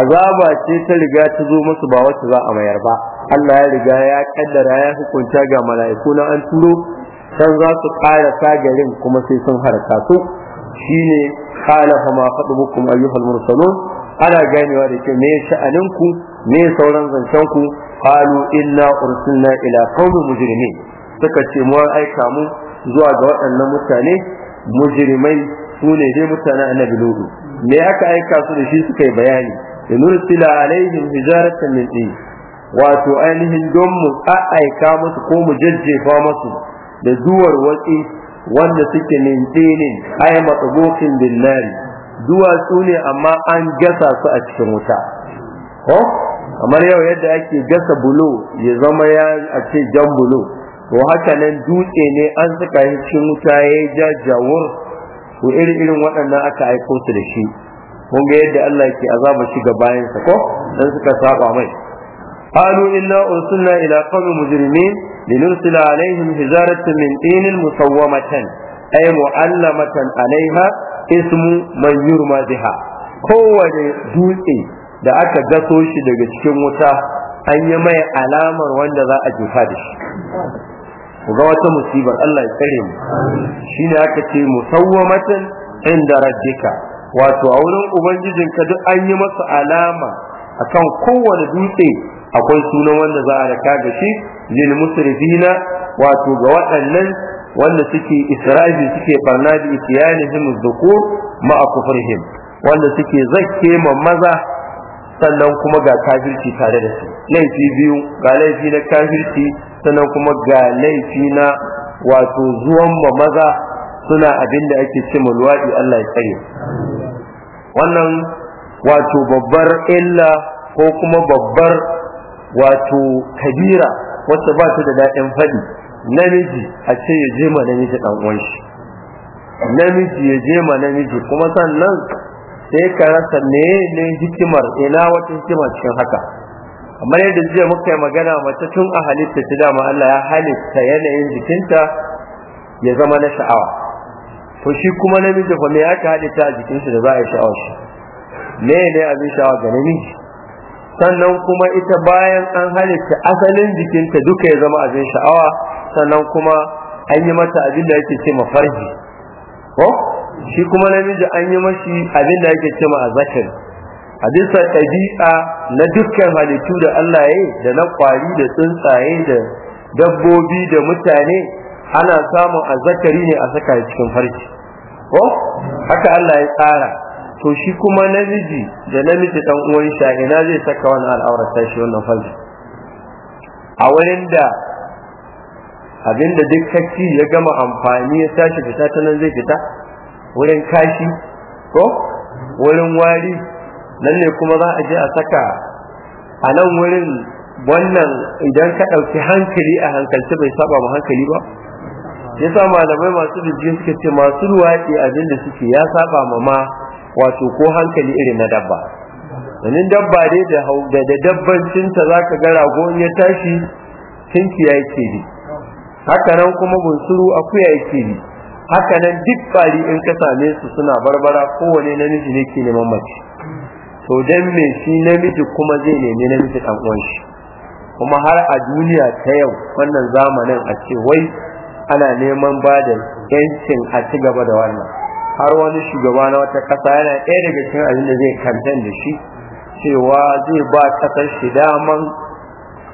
azaba ce ta riga ta zo musu ba wacce za a mayar ba Allah ya riga ya kaddara ya hukunta ga mala'iku na an turo san za su ƙarasa garin kuma sai sun harka su shine qala fa ma qadbukum ayyuhal mursalun ana ganewa da ke me sha'anin ku me sauran zancenku, ku qalu inna ursilna ila qaumin mujrimin suka ce mu aika mu zuwa ga waɗannan mutane mujrimai su ne dai mutane annabi lutu me aka aika su da shi suka yi bayani linursila alaihim hijaratan min tin wato ainihin don mu aika masu, ko mu jajjefa masu, da duwar watsi wanda suke ne a ay matsubukin binnari duwatsu ne amma an gasa su a cikin wuta ko kamar yau yadda ake gasa bulo ya zama ya a ce jan bulo to haka nan dutse ne an saka shi cikin wuta ya ja jawur ko irin irin waɗannan aka aiko su da shi kun ga yadda Allah yake azaba shi ga bayansa ko dan suka saba mai قالوا إنا أرسلنا إلى قوم مجرمين لنرسل عليهم حجارة من طين مسومة أي معلمة عليها ismu man yurma biha kowane dutse da aka gaso shi daga cikin wuta an yi mai alamar wanda za a jefa da shi ga wata musibar Allah ya tsare mu shine aka ce musawwamatan inda rabbika wato a wurin ubangijin ka duk an yi masa alama akan kowane dutse akwai sunan wanda za a raka ga shi lil musrifina wato ga waɗannan wanda suke israfi suke barna bi itiyanihim dhukur ma kufrihim wanda suke zakke ma maza sannan kuma ga kafirci tare da su laifi biyu ga laifi na kafirci sannan kuma ga laifi na wato zuwan ma maza suna abin da ake ce luwaɗi Allah ya tsare wannan wato babbar illa ko kuma babbar wato kabira wacce ba ta da daɗin faɗi namiji a ce ya je ma namiji dan uwan shi namiji ya je ma namiji kuma sannan sai ka rasa ne ne hikimar ina wata hikima cikin haka kamar yadda jiya muka yi magana mace tun a halitta ta dama Allah ya halitta yanayin jikinta ya zama na sha'awa to shi kuma namiji fa me aka halitta a jikin shi da za a yi sha'awa shi me ne abin sha'awa ga namiji sannan kuma ita bayan an halitta asalin jikinta duka ya zama abin sha'awa sannan kuma an yi mata abin da yake ce mafarji ko shi kuma namiji an yi mashi abin da yake ce ma azzakari a bisa na dukkan halittu da Allah ya yi da na kwari da tsuntsaye da dabbobi da mutane ana samun azakari ne a saka cikin farji ko haka Allah ya tsara to shi kuma namiji da namiji dan uwan shi ina zai saka wannan al'aurata shi wannan farji a wurin da abinda duk kacci ya gama amfani ya tashi fita ta nan zai fita wurin kashi ko wurin wari nan ne kuma za a je a saka a nan wurin wannan idan ka ɗauki hankali a hankalci bai saba ma hankali ba Ya sa malamai masu jirgin suka ce masu abin abinda suke ya saba ma ma wato ko hankali irin na dabba domin dabba dai da dabbancinta za ka ga rago ya tashi tinki ya yake ne haka nan kuma bunsuru akuya yake bi haka nan duk fari in ka same su suna barbara kowane namiji ne ke neman mace to dan me shi namiji kuma zai nemi namiji dan uwan shi kuma har a duniya ta yau wannan zamanin a ce wai ana neman ba da yancin a ci gaba da wannan har wani shugaba na wata kasa yana ɗaya daga cikin abin da zai kantan da shi cewa zai ba kasar shi daman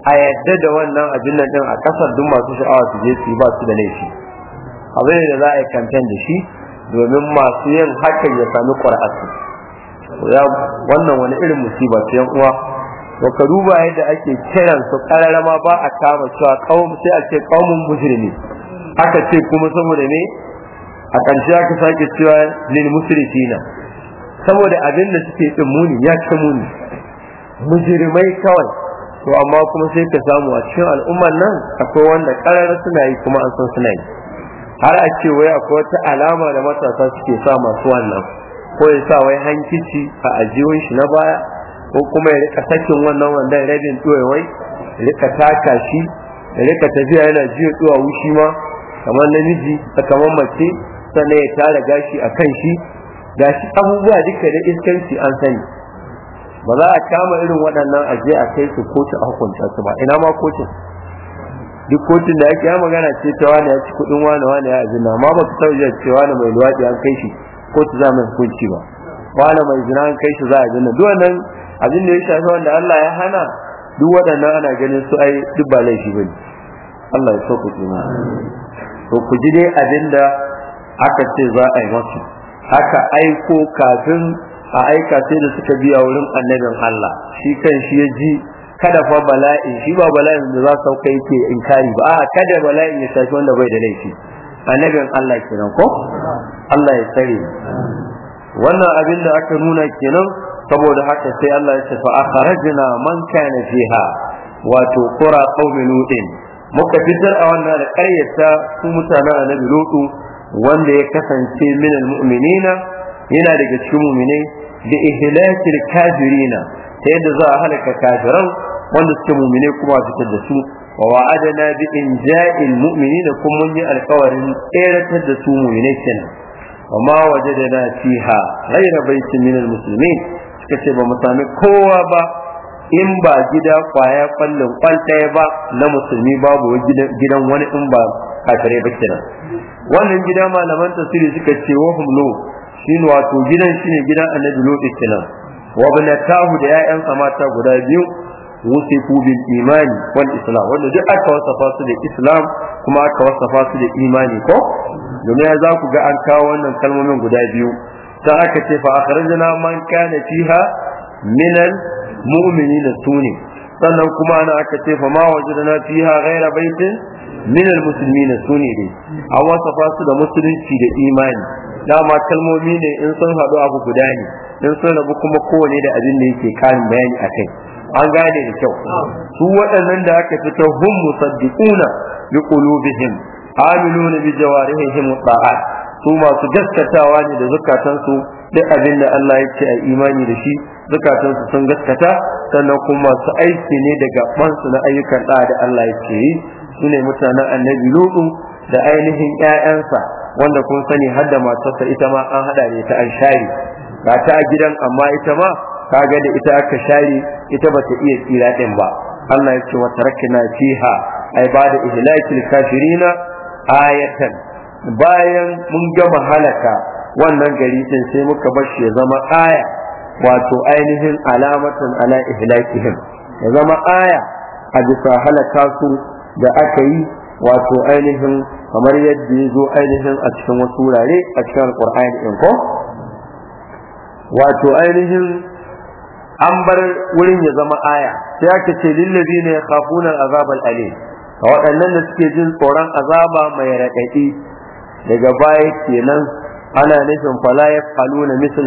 a yadda da wannan abin nan din a kasar duk masu sha'awa su je su ba su da laifi abin da za a yi kamfen da shi domin masu yin hakan ya sami Ya wannan wani irin musiba ta yan uwa to ka duba yadda ake kiran su kararama ba a kama cewa kawun sai a ce kawun musulmi. aka ce kuma saboda ne a ƙarshe aka sake cewa lil na? saboda abin da suke tsin muni ya ci muni kawai to amma kuma sai ka samu a cikin al'ummar nan akwai wanda karar suna yi kuma an san suna yi har a ce wai akwai wata alama da matasa suke sa masu wannan ko ya sa wai hankici a ajiyun shi na baya ko kuma ya rika sakin wannan wanda ya rabin tsoye wai rika taka shi rika tafiya yana jiya tsowa wushi ma kamar namiji a kamar mace sannan ya tara gashi a kan shi gashi abubuwa duka da iskanci an sani ba za a kama irin waɗannan aje a kai su kotu a hukunta su ba ina ma kotun duk kotun da yake ya magana ce ta wani ya ci kuɗin wani wani ya zina ma ba su taɓa ce wani mai luwaɗi an kai shi kotu za mai hukunci ba wani mai zina an kai shi za a zina duk wannan abin da ya shafi wanda Allah ya hana duk waɗannan ana ganin su ai duk ba laifi ba ne Allah ya so ku ji to ku ji dai abin da aka ce za a yi masu haka aiko kafin a aika sai da suka biya wurin annabin Allah shi kan shi ya ji kada fa bala'i shi ba bala'in da za su sauka yake inkari ba a kada bala'in ya shafi wanda bai da laifi annabin Allah kenan ko Allah ya tsare wannan abin da aka nuna kenan saboda haka sai Allah ya ce fa akhrajna man kana fiha wato qura qaumi lutin muka fitar a wannan da ƙaryata su mutanen annabi lutu wanda ya kasance minal mu'minina yana daga cikin mu'minai Da ihlakil kafirina ta yadda za a halaka kafiran wanda suke mumine kuma fitar da su wa wa'adana bi inja'il mu'minina kuma mun yi alƙawarin tseratar da su mumine kenan amma wajadana fiha ghayra baitin min almuslimin suka ce ba mu sami kowa ba in ba gida kwaya kwallon kwal ɗaya ba na musulmi babu gidan wani in ba kafirai ba kenan wannan gida malaman tasiri suka ce wa shi wato gidan shi ne gidan annabi lutsi kenan wa banatahu da ƴaƴansa mata guda biyu wusifu bil imani wal islam wanda duk aka wasafa su da islam kuma aka wasafa su da imani ko domin za ku ga an kawo wannan kalmomin guda biyu sai aka ce fa akhrajna man kana fiha minal mu'minina sune sannan kuma ana aka ce fa ma wajadna fiha ghaira baitin minal muslimina sune dai an wasafa su da musulunci da imani dama kalmomi ne in sun haɗu abu guda ne in sun rabu kuma kowane da abin da yake karin bayani a kai an gane da kyau su waɗannan da aka fito hun musaddiquna bi qulubihim amiluna bi jawarihim ta'at su masu gaskatawa ne da zukatansu duk abin da Allah ya ce a imani da shi zukatansu sun gaskata sannan kuma su aiki ne daga bansu na ayyukan da da Allah ya ce su ne mutanen annabi lutu da ainihin ƴaƴansa wanda kun sani har da matarsa ita ma an hada ne ta an share ga ta gidan amma ita ma kaga da ita aka share ita ba ta iya tsira din ba Allah ya ce wa tarakna fiha ai ba da ihlakil kafirina ayatan bayan mun gama halaka wannan gari din sai muka bar shi ya zama aya wato ainihin alamatan ala ihlakihim ya zama aya a bisa halaka su da aka yi wato ainihin kamar yadda ya zo ainihin a cikin wasu wurare a cikin alkur'ani in ko wato ainihin an bar wurin ya zama aya sai aka ce lillabi ne kafuna azabal alim a waɗannan da suke jin tsoron azaba mai raɗaɗi daga baya kenan ana nufin falayar ya faluna misal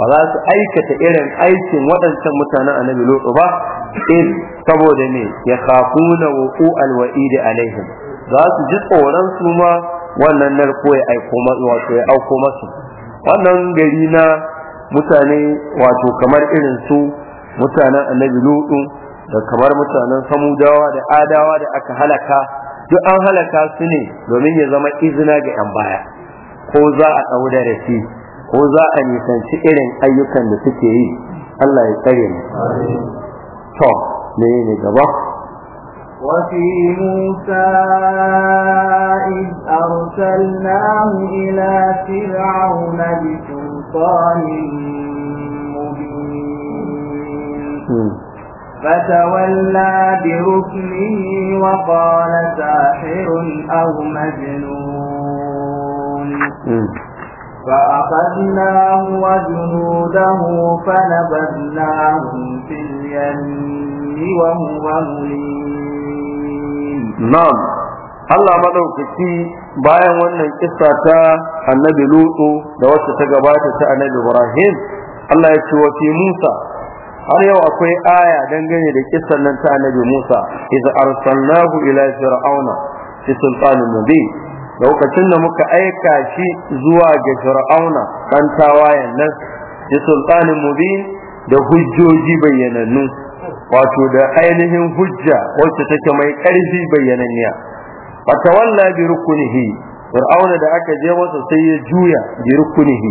ba za su aikata irin aikin waɗancan mutanen annabi lutu ba in saboda ne ya na wuku alwa'idi alaihim za su ji tsoron su ma wannan narko ya aiko masu, wato ya auko masu wannan gari na mutane wato kamar irin su mutanen annabi lutu da kamar mutanen samudawa da adawa da aka halaka duk an halaka su ne domin ya zama izina ga 'yan baya ko za a ɗau da rasi ko za a nisanci irin ayyukan da suke yi Allah ya tsare mu to me ne gaba وفي موسى إذ أرسلناه إلى فرعون بسلطان فتولى بركنه وقال ساحر أو مجنون فأخذناه وجنوده فنبذناهم في اليم وهو مليم نعم Allah madaukaki bayan wannan kissa ta Annabi Lutu da wacce ta gabata ta Annabi Ibrahim Allah ya ce wa fi Musa har yau akwai aya dangane da kissan nan ta Annabi Musa idza arsalnahu ila fir'auna fi sultanin mubin lokacin da muka aika shi zuwa ga fir'auna kan tawayen nan da sultanin mubin da hujjoji bayyanannu wato da ainihin hujja wacce take mai ƙarfi bayyananniya walla bi rukunihi fir'auna da aka je masa sai ya juya bi rukunihi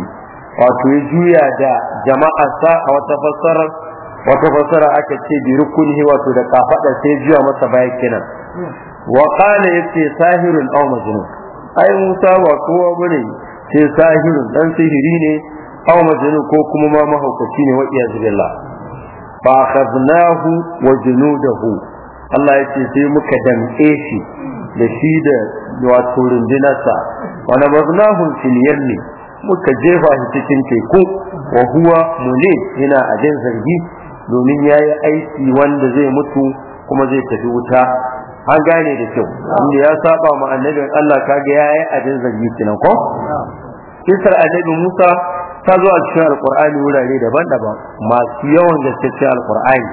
wato ya juya da jama'arsa a wata fassara wata fassara aka ce bi rukunihi wato da kafada sai juya masa baya kenan wa qala yace sahirun aw majnun ai Musa ba kowa bane sai sahirin dan sihiri ne aw majnun ko kuma ma mahaukaci ne wa iyaz fa khadnahu wa junudahu Allah ya sai muka damƙe shi da shi da wato rundunarsa wa nabaznahu fil muka jefa shi cikin teku wa huwa mulim yana ajin zargi domin yayi aiki wanda zai mutu kuma zai tafi wuta an gane da kyau inda ya saba ma annabin Allah kaga yayi abin zargi kinan ko kisar annabi Musa ta zo a cikin alqur'ani wurare daban-daban masu yawan cikin alqur'ani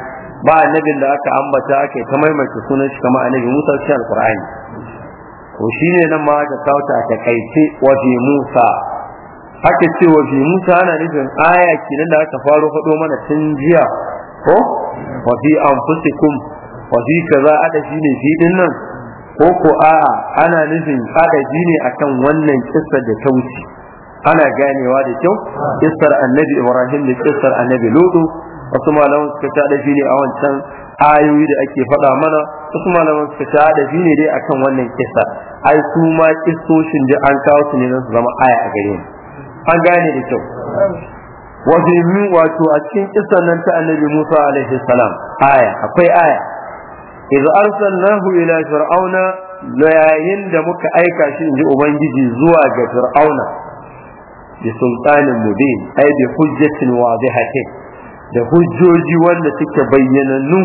ba annabin da aka ambata ake ta maimaita sunan shi kamar annabi Musa cikin alqur'ani ko shine nan ma aka kauta ta kaice wa fi Musa Haka ce wa fi Musa ana nufin aya kinan da aka faro fado mana tun jiya ko wa fi anfusikum wa za a adashi ne fi nan ko ko a'a ana nufin haɗa adashi ne a kan wannan kisar da ta wuce ana ganewa da kyau kisar annabi ibrahim da kisar annabi lodo wasu malaman suka ta adashi ne a wancan ayoyi da ake faɗa mana wasu malaman suka ta adashi ne dai a kan wannan kissa ai su ma kissoshin da an kawo su ne su zama aya a gare an gane da kyau wafi min wato a cikin kisan nan ta annabi Musa alaihi salam aya akwai aya idza arsalnahu ila fir'auna yayin da muka aika shi inji ubangiji zuwa ga fir'auna bi sultanin mubin ai bi hujjatin wadihatin da hujjoji wanda suke bayyanannu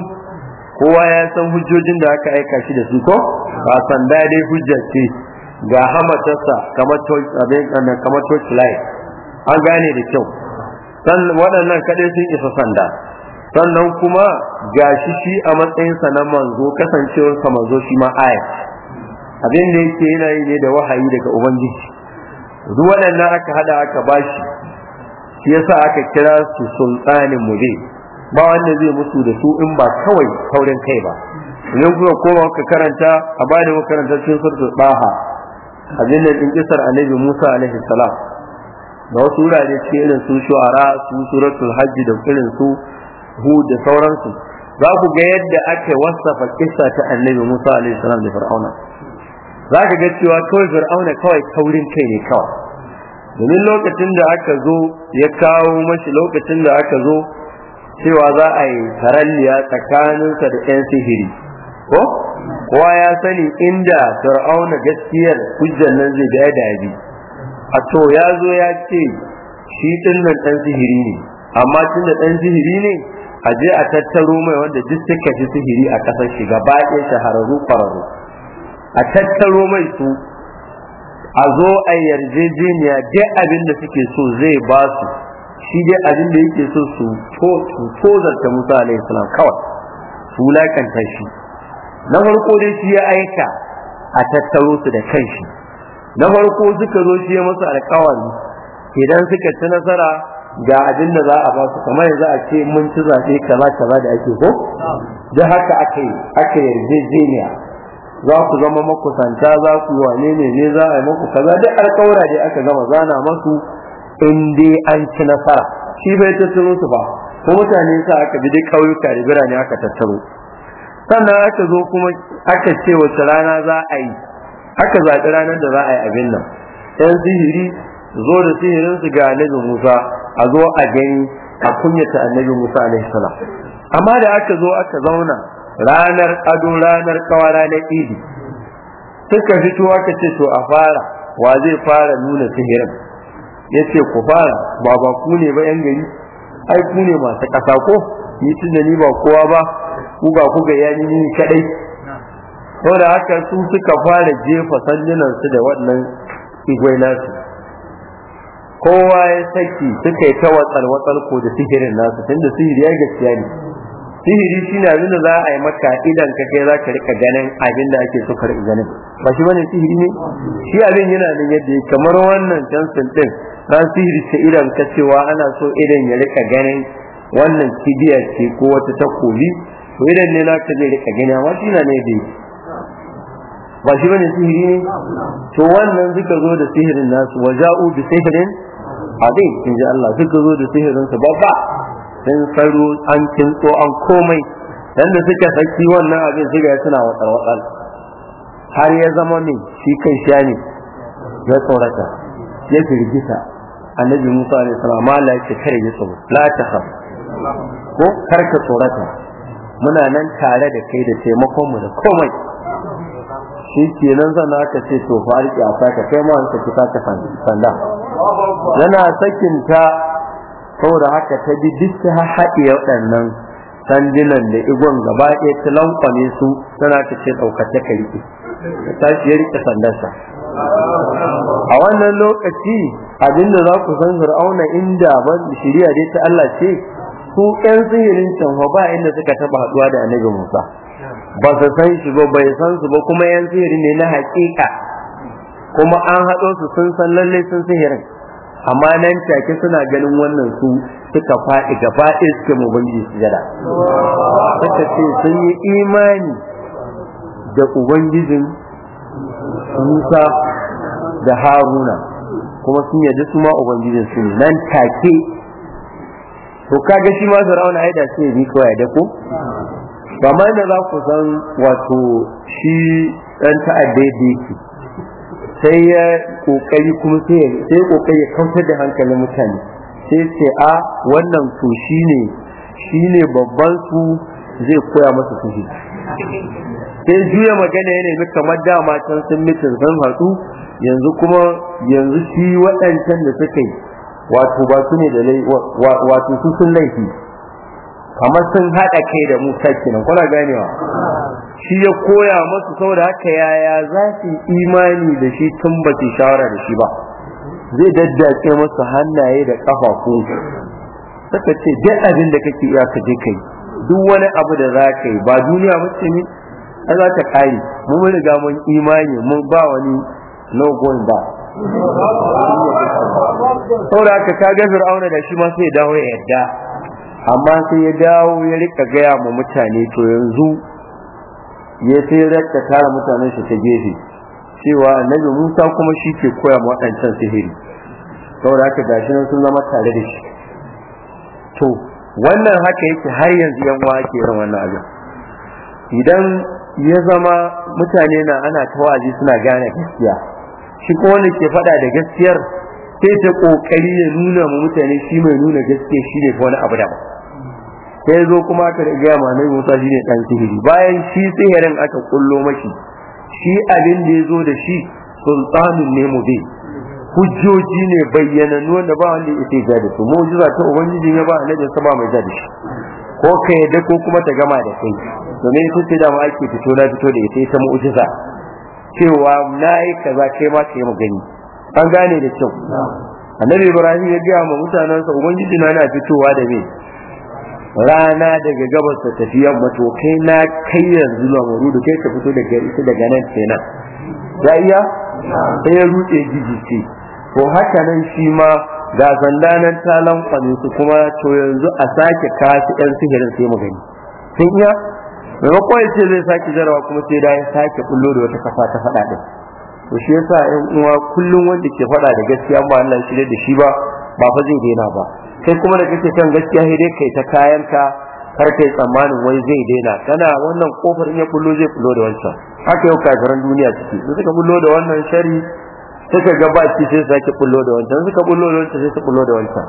kowa ya san hujjojin da aka aika shi da su ko ba sanda dai hujja ga hamatarsa kamar torchlight an gane da kyau waɗannan kaɗai sun isa sanda sannan kuma gashi shi a matsayinsa na manzo kasancewarsa manzo shi ma aya abin da yake yana yi ne da wahayi daga ubangiji duk waɗannan aka hada aka bashi shi yasa aka kira su sultanin mu ba wanda zai mutu da su in ba kawai taurin kai ba idan kuka koma kuka karanta a bada da karanta cikin suratul baha abin da din kisar annabi Musa alaihi salam da wasu wurare cikin irin su shu'ara su suratul hajji da irin su Hu da sauransu za ku ga yadda ake wasafa kissa ta annabi musa alaihi salam da fir'auna za ka ga cewa kawai fir'auna kawai kaurin kai ne kawai domin lokacin da aka zo ya kawo mashi lokacin da aka zo cewa za a yi taralliya tsakaninsa da 'yan sihiri ko kowa ya sani inda fir'auna gaskiyar hujjan nan zai da bi. a to ya zo ya ce shi din nan sihiri ne amma tun ɗan sihiri ne a je a tattaro mai wanda duk suka ji sihiri a kasar shi gaba ɗaya shahararru kwararru a tattaro mai su a zo a yarjejeniya duk abin da suke so zai ba su shi dai abin da yake so su tozarta musa alayhi salam kawai su lakanta shi na farko dai shi ya aika a tattaro su da kanshi na farko suka zo shi ya masa alkawari idan suka ci nasara ga abin da za a ba su kamar yanzu a ce mun ci zaɓe kaza kaza da ake ko da haka aka yi aka yarjejeniya za ku zama makusanta za ku yi wane ne ne za a yi muku kaza duk alƙawura da aka gama zana masu in dai an ci nasara shi bai tattaro su ba ko mutane sa aka bi duk kauyuka da birane aka tattaro sannan aka zo kuma aka ce wace rana za a yi aka zaɓi ranar da za a yi abin nan yan sihiri zo da sihirin su ga annabi Musa a zo a gani a kunyata annabi Musa alaihi salam amma da aka zo aka zauna ranar ado ranar kawara ranar idi suka fito aka ce to a fara wa zai fara nuna sihirin yace ku fara ba ba ku ne ba yan gari ai ku ne masu ƙasa ko ni tun da ni ba kowa ba ku ba ku ga yani ni kadai saboda haka su suka fara jefa sandunan su da wannan igwai nasu kowa ya saki suka yi ta watsal watsal ko da sihirin nasu tunda sihiri ya gaskiya ne sihiri shi ne abin za a yi maka idan ka kai za ka rika ganin abin da ake so ka rika ganin ba shi bane sihiri ne shi abin yana nan yadda kamar wannan jansin din ran sihiri ta idan ka cewa ana so idan ya rika ganin wannan kibiya ce ko wata takobi to idan ne na ka zai rika gani amma shi na ne da ba shi bane sihiri ne to wannan suka zo da sihirin nasu waja'u bi sihirin azim in ji Allah suka zo da sihirinsu babba sun saro an kintso an komai dan da suka saki wannan abin su ga suna watsar watsar har ya zama ne shi kan sha ne ya tsorata ya firgita annabi Musa alaihi salam Allah kare ya tsoro la ta ko kar ka tsorata muna nan tare da kai da taimakon mu da komai shi kenan zan aka ce to fa a saka kai ma an saki sanda yana sakinta saboda haka ta bi duk ta haɗe waɗannan sandunan da igon gaba ɗaya ta lankwame su tana ta ce ɗaukace ka riƙe ta tashi ya rike sandarsa a wannan lokaci abinda za ku san fir'auna inda ban shirya dai ta Allah ce su ƴan sihirin can ba inda suka taɓa haɗuwa da annabi Musa ba su san shi ba bai san su ba kuma 'yan sihiri ne na haƙiƙa kuma an haɗo su sun san lalle sun sihirin amma nan take suna ganin wannan su suka faɗi gaba ɗaya suke mu bangi sujada suka ce sun yi imani da ubangijin Musa da Haruna kuma sun yadda su ma ubangijin su nan take to kaga shi ma rauna ai da sai bi kawai da ku ba ma da za ku san wato shi dan ta'adda yake sai ya kokari kuma sai ya sai kokari ya kamfar da hankalin mutane sai ce a wannan to shine shine babban su zai koya masa sufi sai juya magana ya nemi kamar dama can sun mutu sun hatsu yanzu kuma yanzu shi waɗancan da suka yi wato ba su ne da lai wato su sun laifi kamar sun haɗa kai da mu kenan kuna ganewa shi ya koya masu saboda haka yaya za su imani da shi tun ba su shawara da shi ba zai daddace masu hannaye da ƙafafu suka ce duk abin da kake iya ka je kai duk wani abu da za ka yi ba duniya mace ne a za ka kare mu mun riga mun imani mun ba wani no going back saboda haka ka ga fir'auna da shi ma sai dawo ya yadda amma sai ya dawo ya rika gaya ma mutane to yanzu ya sai rakka tara mutane shi ta gefe cewa annabi Musa kuma shi ke koya ma waɗancan sihiri saboda haka gashi nan sun zama tare da shi to wannan haka yake har yanzu yan wa ke yin wannan abin idan ya zama mutane na ana tawazi suna gane gaskiya shi ko wanda ke faɗa da gaskiyar sai ta kokari ya nuna mu mutane shi mai nuna gaskiya shi ne wani abu daban sai zo kuma aka gaya ma nabi Musa shine dan sihiri bayan shi sihirin aka kullo mashi shi abin da ya zo da shi sultanun ne mu bi hujjoji ne bayyananu wanda ba wanda ya ga da su mu'jiza ta ubangiji ya ba annabi sa ba mai da shi ko ka yadda ko kuma ta gama da kai domin ita ce dama ake fito na fito da ita ita mu'jiza cewa na yi kaza kai ma ka yi mu gani an gane da kyau annabi ibrahim ya gaya ma uban ubangiji na na fitowa da me rana daga gabas ta tafiya yamma kai na kai yanzu na da kai ka fito daga ita daga nan kenan ya iya sai ya rutse ce ko haka nan shi ma ga sanda nan ta su kuma to yanzu a sake kashi yan sihirin sai mu gani sun iya maimakon ya ce zai sake jarawa kuma sai da ya sake kullo da wata kafa ta faɗa ɗin to shi yasa yan uwa kullum wanda ke faɗa da gaskiya ba Allah da shi ba ba fa zai daina ba kai kuma da kake kan gaskiya sai dai kai ta kayan ka har kai tsammanin wai zai daina kana wannan kofar in ya kullo zai kullo da wancan haka yau kafiran duniya ciki sai suka kullo da wannan shari suka ga ciki sai sake kullo da wancan suka kullo da wancan sai su kullo da wancan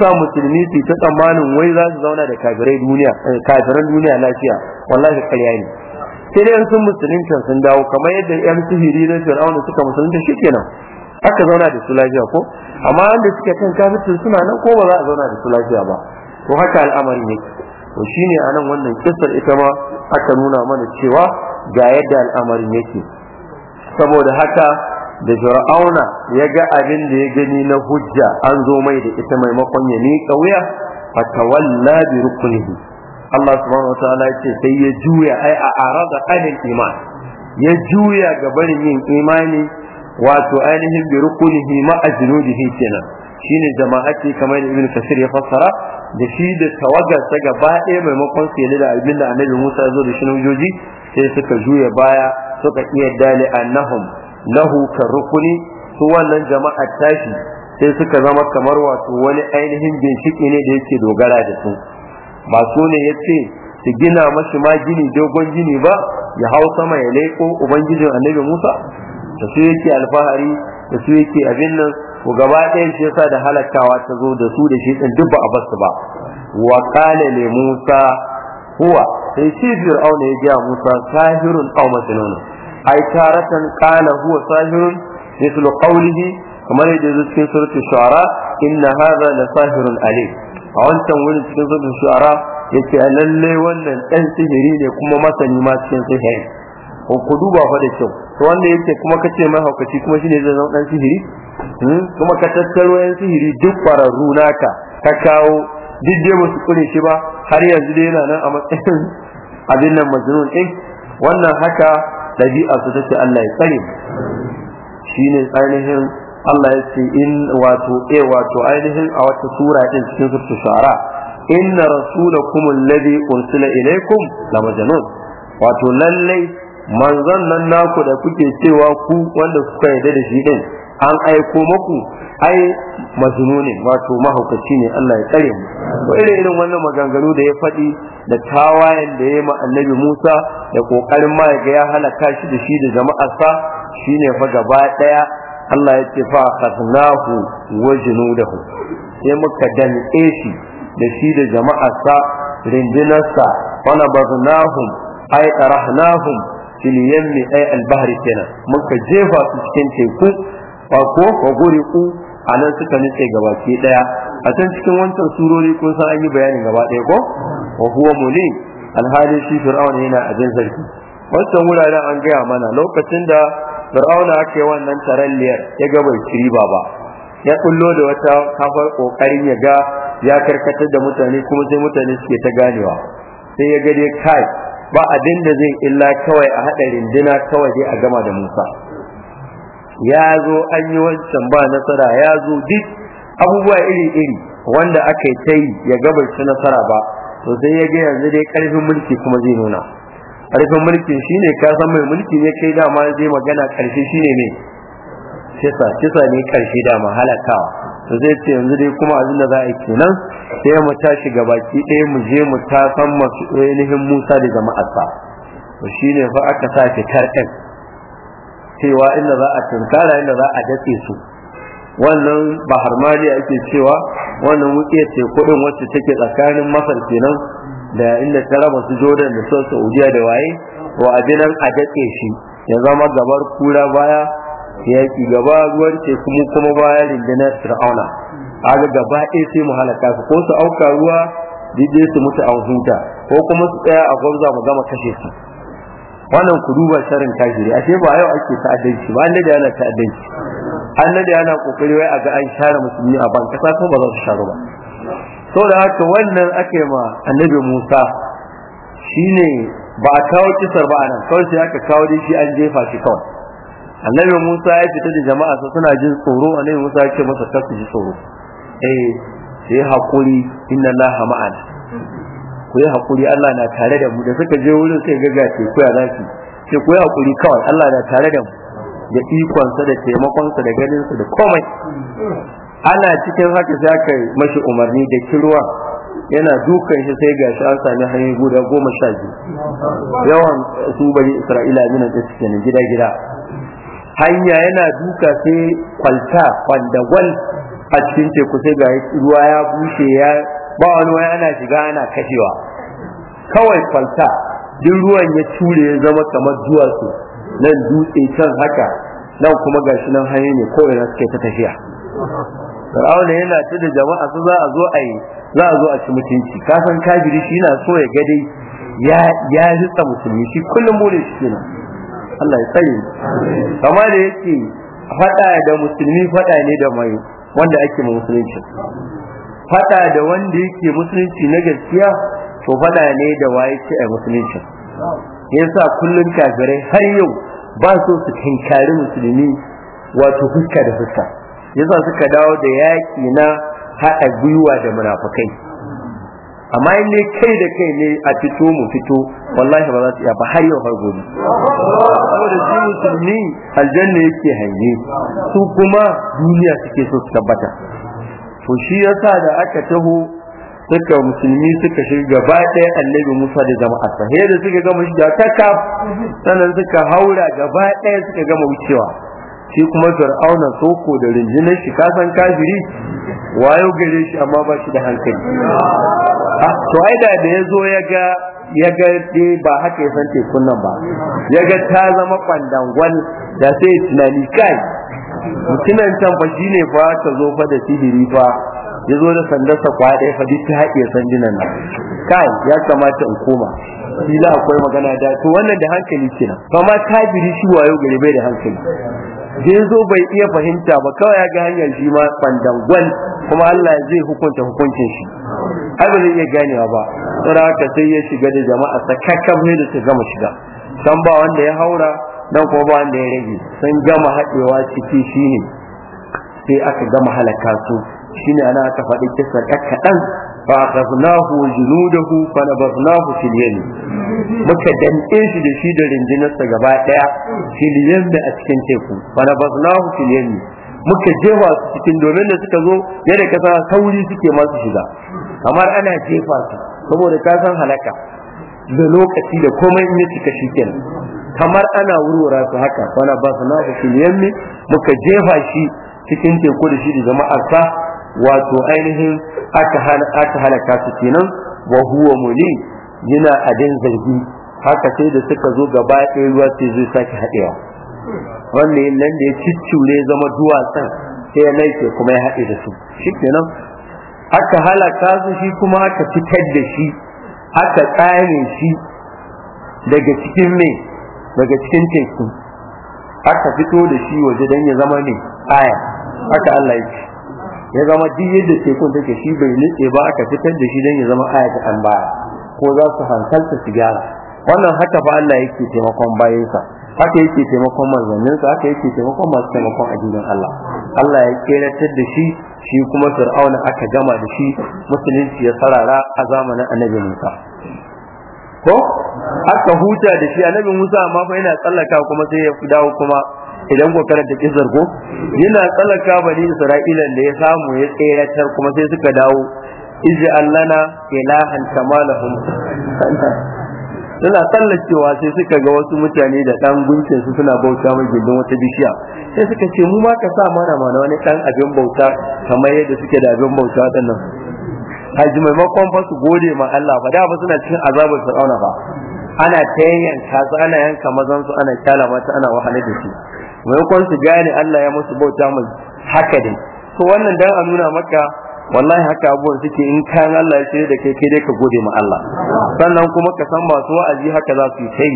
sa musulmi su ta tsammanin wai za su zauna da kafirai duniya eh, kafiran duniya lafiya wallahi karya ne sai dai sun musulunta sun dawo kamar yadda yan sihiri na fir'auna suka musulunta kenan aka zauna da su lafiya ko amma wanda suke kan kafirci suna nan ko ba za a zauna da su lafiya ba to haka al'amari ne to shine anan wannan kissar ita ma aka nuna mana cewa ga yadda al'amari yake saboda haka da fir'auna ya ga abin da ya gani na hujja an zo mai da ita maimakon ya ne kauya tawalla bi rukunihi Allah subhanahu wataala ce sai ya juya ai a arada anil iman ya juya ga barin yin imani wato ainihin bi rukunihi ma ajnudihi kenan shine jama'ati kamar ibn kasir ya fassara da shi da tawagar ta gaba ɗaya maimakon sai da abin da annabi Musa zo da shi naujoji sai suka juya baya suka iya dali annahum lahu ka rukuni su wannan jama'a tashi sai suka zama kamar wato wani ainihin bincike ne da yake dogara da su ba su ne ce su gina mashi ma gini dogon gini ba ya hau sama ya leko ubangijin annabi Musa da su yake alfahari da su yake abin nan ko gaba ɗaya shi yasa da halakawa ta zo da su da shi ɗin duk ba a basu ba wa qala li musa huwa sai shi fir'auna ya ga musa sahirun aw majnun ai taratan qala huwa sahirun mithlu qawlihi kamar yadda zai cikin suratul shu'ara inna hadha la sahirun alim a wancan wurin cikin suratul shu'ara yace lalle wannan dan sihiri ne kuma masani ma cikin sihiri ko ku duba fa da kyau to wanda yake kuma kace mai haukaci kuma shine zai zama dan sihiri hmm? kuma ka tattaro yan sihiri duk fararru naka ka kawo duk dai musu kure shi ba har yanzu dai yana nan a matsayin abin nan majnun din wannan haka dabi'a su take Allah ya tsare shine ainihin Allah ya ce in wato eh wato ainihin a wata sura din cikin sura shara inna rasulakum alladhi ursila ilaykum la majnun wato lallai manzon nan naku da kuke cewa ku wanda kuka yarda da shi din an aiko maku ai mazmunin wato mahaukaci ne Allah ya tsare mu Ko irin irin wannan maganganu da ya faɗi da tawayen da ya ma annabi Musa da kokarin ma ga ya halaka shi da shi da jama'arsa shine fa gaba daya Allah ya ce fa qadnahu wa junudahu sai muka dalke shi da shi da jama'arsa rindinarsa wana bazunahum ai tarahnahum mai ɗaya albahari kenan muka jefa su cikin teku ba ko ku a nan suka nutse ke daya a can cikin wancan surori kun san an yi bayanin gaba daya ko wa huwa mulim alhali shi fir'aun yana abin sarki wancan wuraren an gaya mana lokacin da fir'auna aka yi wannan taralliyar ya ga bai ba ba ya kullo da wata kafar kokarin ya ga ya karkatar da mutane kuma sai mutane suke ta ganewa sai ya gade kai ba abin da zai illa kawai a haɗa rinduna kawai dai a gama da musa ya zo an yi wancan ba nasara ya zo duk abubuwa iri-iri wanda aka yi ta ya gabar shi nasara ba to sai ya ga yanzu dai ƙarfin mulki kuma zai nuna ƙarfin mulkin shine ka san mai mulki ne kai dama zai magana ƙarshe shine ne kisa kisa ne ƙarshe da halakawa zai ce yanzu dai kuma abin da za a yi kenan sai mu tashi ki ɗaya mu je mu san masu ainihin Musa da jama'arsa to shine fa aka sa fitar ɗin cewa inda za a tunkara inda za a datse su wannan ba harmaliya ake cewa wannan wuƙe ce kuɗin wacce take tsakanin masar kenan da inda ta raba jordan da sun saudiya da waye wa abinan a datse shi ya zama gabar kura baya yaki gaba ruwan teku mu kuma baya rundunar fir'auna aga gaba ɗaya sai mu halaka su ko su auka ruwa daidai su mutu a huta ko kuma su tsaya a gwamza mu gama kashe su wannan ku duba sharin kafiri ashe ba yau ake ta'addanci ba annabi yana ta'addanci annabi yana kokari wai a ga an share musulmi a ban kasa ko ba za su share ba to da haka wannan ake ma annabi Musa shine ba a kawo kisar ba anan kawai sai aka kawo dai shi an jefa shi kawai annabi Musa ya fita da jama'a sa suna jin tsoro annabi Musa ya ce masa kar su ji tsoro eh sai hakuri inna Allaha ma'ana ku yi hakuri Allah na tare da mu da suka je wurin sai gaga ce ku ya zaki ce ku yi hakuri kawai Allah na tare da mu da ikonsa da taimakonsa da ganinsa da komai ana cikin haka sai aka mashi umarni da kirwa yana dukan shi sai gashi an sami hanyoyi guda goma sha biyu yawan su bari isra'ila minan da suke gida gida hanya yana duka sai kwalta kwandagwal a cikin teku sai ga ruwa ya bushe ya ba wani wani ana shiga ana kashewa kawai kwalta duk ruwan ya cure ya zama kamar duwatsu nan dutse can haka nan kuma gashi nan hanyar ne kowai na suke ta tafiya fir'auna yana ta da jama'a su za a zo a yi za a zo a ci mutunci kasan kabiri shi na so ya ga dai ya ritsa musulmi shi kullum mure shi kenan Allah ya sani kama da yake fada da musulmi fada ne da mai wanda ake mu musulunci fada da wanda yake musulunci na gaskiya to fada ne da waye ce a musulunci yasa kullun kafirai har yau ba so su tinkari musulmi wato fuska da fuska yasa suka dawo da yaki na haɗa gwiwa da munafukai amma in ne kai da kai ne a fito mu fito wallahi ba za su iya ba har yau har gobe saboda shi musulmi aljanna yake hanye su kuma duniya suke so su tabbata to shi yasa da aka taho suka musulmi suka shiga gaba ɗaya annabi Musa da jama'ar sa da suka gama shiga ta kaf sannan suka haura gaba ɗaya suka gama wucewa shi kuma fir'auna soko da rinjinar shi kasan kafiri wayo gare shi amma ba shi da hankali ah, to ai da da ya zo ya ga ya ga ba haka ya san tekun nan ba ya ga ta zama ƙwandangon da sai tunani kai mutumin can shi ne ba ta zo fa da sihiri ba ya zo da sandarsa kwaya ɗaya fa duk ta haƙe sandunan nan kai ya kamata in koma kila akwai magana da to wannan da hankali kenan Kama ma kafiri shi wayo gari bai da hankali da bai iya fahimta ba kawai ya ga hanyar shi ma bandangwal kuma Allah zai hukunta hukuncin shi ai zai iya ganewa ba tsara haka sai ya shiga da jama'a sakakkan ne da su gama shiga san ba wanda ya haura dan kuma ba wanda ya rage sun gama haɗewa ciki shine sai aka gama halaka shine ana aka faɗi kisa kaɗan fa akhadnahu wa junudahu fa nabadnahu fil yami muka dande shi da shi da rindinarsa gaba daya fil yami a cikin teku fa nabadnahu fil yami muka jefa su cikin domin da suka zo yadda ka san sauri suke masu shiga kamar ana jefa su saboda ka san halaka da lokaci da komai ne ya cika shi kamar ana wurwura su haka wani ba su nafi filiyan muka jefa shi cikin teku da shi da jama'arsa wato ainihin aka halaka su kenan wa huwa muli yana adin zargi haka sai da suka zo gaba ɗaya ruwa sai zai sake haɗewa wannan nan da ya ciccure zama duwatsan sai ya naike kuma ya haɗe da su shi kenan aka halaka su shi kuma aka fitar da shi aka tsame shi daga cikin mai daga cikin teku aka fito da shi waje don ya zama mai aya aka Allah yake ya zama duk yadda tekun take shi bai nitse ba aka fitar da shi don ya zama aya ta baya ko za su hankalta su gyara wannan haka fa Allah yake taimakon bayansa haka yake taimakon manzanninsa haka yake taimakon masu taimakon addinin Allah Allah ya keratar da shi shi kuma fir'auna aka gama da shi musulunci ya sarara a zamanin annabi Musa ko aka huta da shi annabi Musa amma fa yana tsallaka kuma sai ya dawo kuma idan ko karanta kizar ko yana tsallaka bani Isra'ila da ya samu ya tsayar kuma sai suka dawo izi allana ilahan kamalahum suna tsallacewa sai suka ga wasu mutane da dan gunkin su suna bauta mai gindin wata bishiya sai suka ce mu ma ka sa mana mana wani dan abin bauta kamar yadda suke da abin bauta waɗannan haji maimakon fa su gode ma Allah ba da ba suna cikin azabar fir'auna ba ana ta yanka su ana yanka mazan su ana kyala mata ana wahalar da su maimakon su gane Allah ya musu bauta mu haka dai to wannan dan a nuna maka wallahi haka abubuwan suke in kayan Allah ya shirya da kai kai dai ka gode ma Allah sannan kuma ka san masu wa'azi haka za su yi kai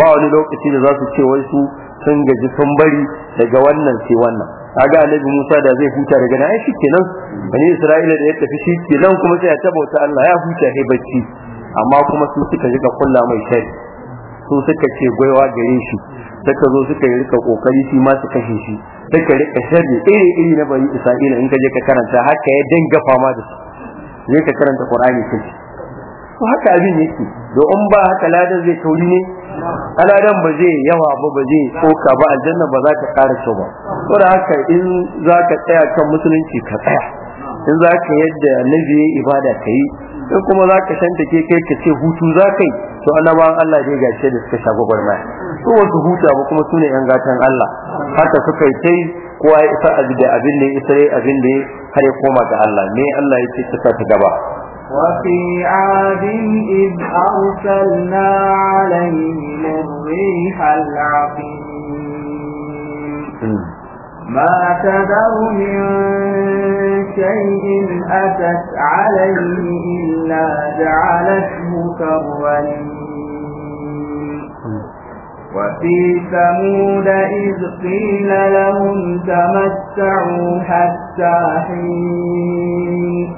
ba wani lokaci da za su ce wai su sun gaji sun bari daga wannan sai wannan kaga annabi Musa da zai huta daga nan shi kenan bani Isra'ila da ya tafi shi kenan kuma sai ya wata Allah ya huta sai bacci amma kuma su suka rika kulla mai shari su suka ce gwaiwa gare shi suka zo suka yi rika kokari shi ma su kashe shi suka rika shari iri iri na bani Isra'ila in ka je ka karanta haka ya dinga fama da su ne ka karanta Qur'ani kai to haka abin yake in ba haka ladan zai tauri ne aladan ba zai yawa ba ba zai tsoka ba aljanna ba za ta ƙara so ba to da haka in za ka tsaya kan musulunci ka tsaya in za ka yadda annabi ya ibada ka yi in kuma za ka shanta ke kai ka ce hutu za ka yi to annabawan Allah dai gashe da suka sha gwagwarmaya su wasu huta ba kuma su ne yan gatan Allah haka suka yi kai, kowa ya isa abin da abin da ya isa abin da ya har ya koma ga Allah me Allah ya ce ta gaba وفي عاد إذ أرسلنا عليهم الريح العقيم ما تذر من شيء أتت عليه إلا جعلته كرولين وفي ثمود إذ قيل لهم تمتعوا حتى حين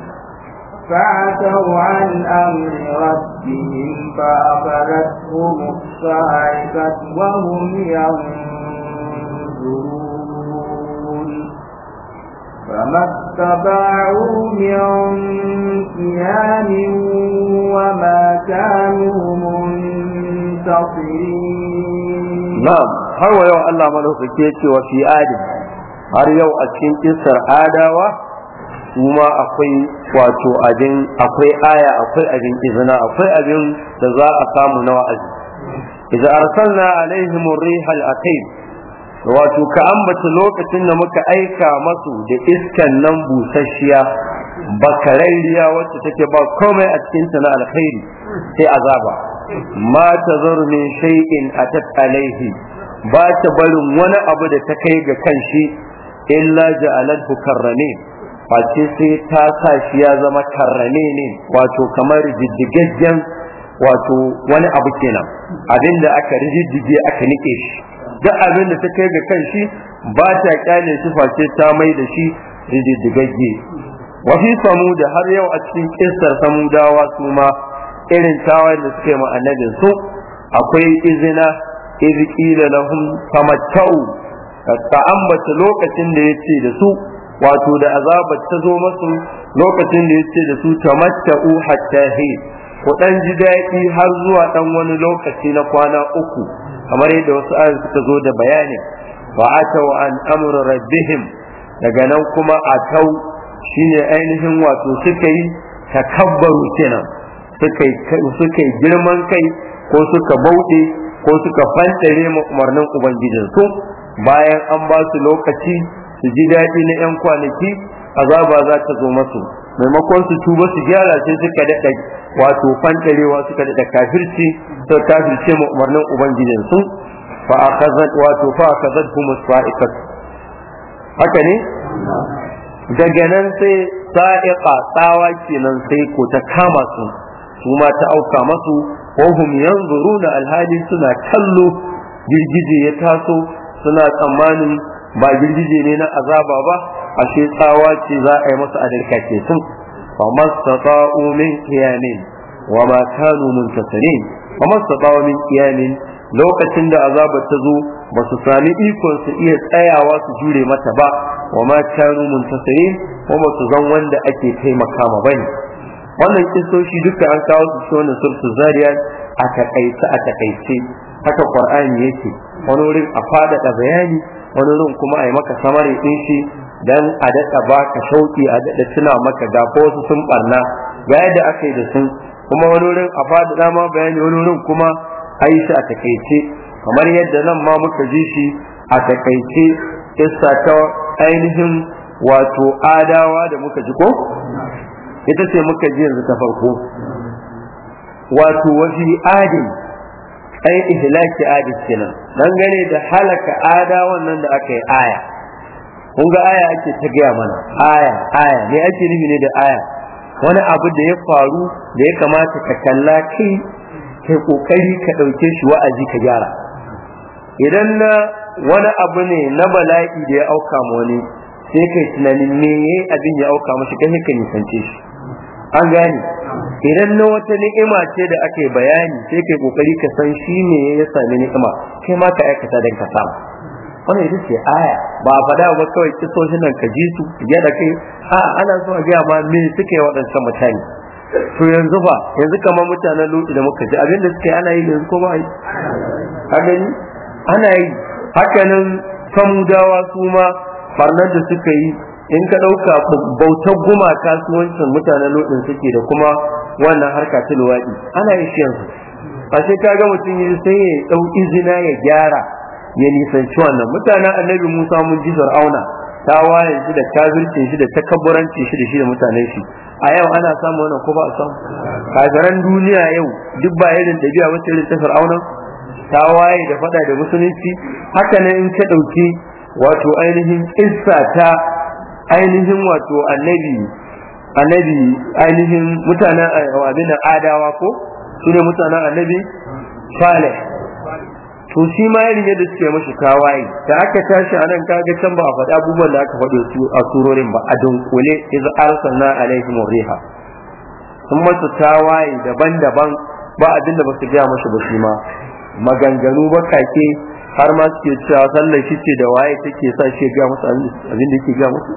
فعتوا عن أمر ربهم فأخذتهم الصاعقة وهم ينظرون فما استطاعوا من قيام وما كانوا منتصرين نعم har wa yau Allah madaukake cewa fi adin har yau a cikin kuma akwai wato abin akwai aya akwai abin izina akwai abin da za a samu na wa'azi idza arsalna alaihim ar-riha al-aqim wato ka ambata lokacin da muka aika masu da iskan nan busasshiya bakararriya wacce take ba komai a cikin ta na alkhairi sai azaba ma tazur min shay'in atat alaihi ba ta barin wani abu da ta kai ga kan shi illa ja'alathu karramin face sai ta sa shi ya zama karrame ne wato kamar jijjigaggen wato wani abu kenan abin da aka rijijjige aka nike shi duk abin da ta kai ga kan shi ba ta kyale shi face ta mai da shi rijijjigagge wafi da har yau a cikin kistar samudawa su ma irin tawayin da suke ma annabin su akwai izina iz qila lahum tamatta'u ka ambata lokacin da yace da su wato da azaba ta zo masu lokacin da yace da su u hatta he ku dan ji daɗi har zuwa dan wani lokaci na kwana uku kamar yadda wasu ayoyi suka zo da bayani wa atau an amru rabbihim daga nan kuma atau shine ainihin wato suka yi takabbaru kenan suka suka girman kai ko suka bauɗe ko suka fantare umarnin ubangijinsu bayan an ba su lokaci su ji daɗi na 'yan kwanaki azaba za ta zo masu maimakon su tuba su gyara sai suka daɗa wato fantarewa suka daɗa kafirci ta kafirce ma umarnin ubangijinsu su, wato fa zan kuma sa'iqat haka ne daga nan sai sa'iƙa tsawa kenan sai ko ta kama su su ma ta auka masu wa hum na alhali suna kallo girgije ya taso suna tsammanin ba girgije ne na azaba ba ashe tsawa ce za a yi masa adalka ke sun fa mastata'u min kiyamin wa ma kanu muntasirin fa mastata'u min kiyamin lokacin da azaba ta zo ba su sami ikon su iya tsayawa su jure mata ba wa ma kanu muntasirin kuma ba su zan wanda ake taimaka ma bane wannan kisoshi duka an kawo su cikin surtu zariya a takaice a takaice haka qur'ani yake wani wurin a faɗaɗa bayani wani rin kuma a yi maka samari din shi dan a daɗa baka shauƙi a daɗa tuna maka ga ko wasu sun ɓarna ga yadda aka yi da sun kuma wani rin a faɗi dama bayani wani rin kuma a yi shi a takaice kamar yadda nan ma muka ji shi a takaice kissa ta ainihin wato adawa da muka ji ko ita ce muka ji yanzu ta farko wato wafi adin ai ihlaki adi kenan dangane da halaka ada wannan da aka yi aya kun ga aya ake ta gaya mana aya aya Me ake nufi ne da aya wani abu da ya faru da ya kamata ka kalla kai ka kokari ka dauke shi wa'azi ka gyara idan na wani abu ne na bala'i da ya auka ma wani sai kai tunanin me abin ya auka mashi kai ka nisance shi an gane idan na wata ni'ima ce da ake bayani sai kai kokari ka san shi ne ya sami ni'ima kai ma ka aikata dan ka samu wannan ita ce aya ba a faɗa ba kawai kisoshin nan ka ji su ya da kai a ana so a gaya ma me suke waɗansu mutane to yanzu ba yanzu kamar mutanen lutu da muka ji abinda suka yi ana yi yanzu ko ba yi ana yi hakanan samudawa su ma barnar da suka yi in ka ɗauka bautar gumaka kasuwancin mutanen lodin suke da kuma wannan harka ta luwaɗi ana yin shi yanzu a sai ka ga mutum yi sai ya ɗau izina ya gyara ya nisanci wannan mutanen annabi musa mun ji sar'auna, ta waye shi da kafircin shi da takabburanci shi da shi da mutanen shi a yau ana samu wannan ko ba a samu kafiran duniya yau duk ba irin ɗabi'a wacce irin ta fir'auna ta waye da faɗa da musulunci haka ne in ka ɗauki wato ainihin issa ta ainihin wato annabi annabi ainihin mutanen eh, abin adawa ko su ne mutanen annabi fale to shi ma yarin da suke mashi tawaye da aka tashi anan kaga can ba a faɗi abubuwan da aka faɗi su a surorin ba a dunkule na arsalna alaihim riha sun masu tawaye daban-daban ba abinda ba su gaya mashi ba shi ma maganganu ke har ma suke cewa sallar shi ce da waye take sa shi ga masu abin da yake ga masu?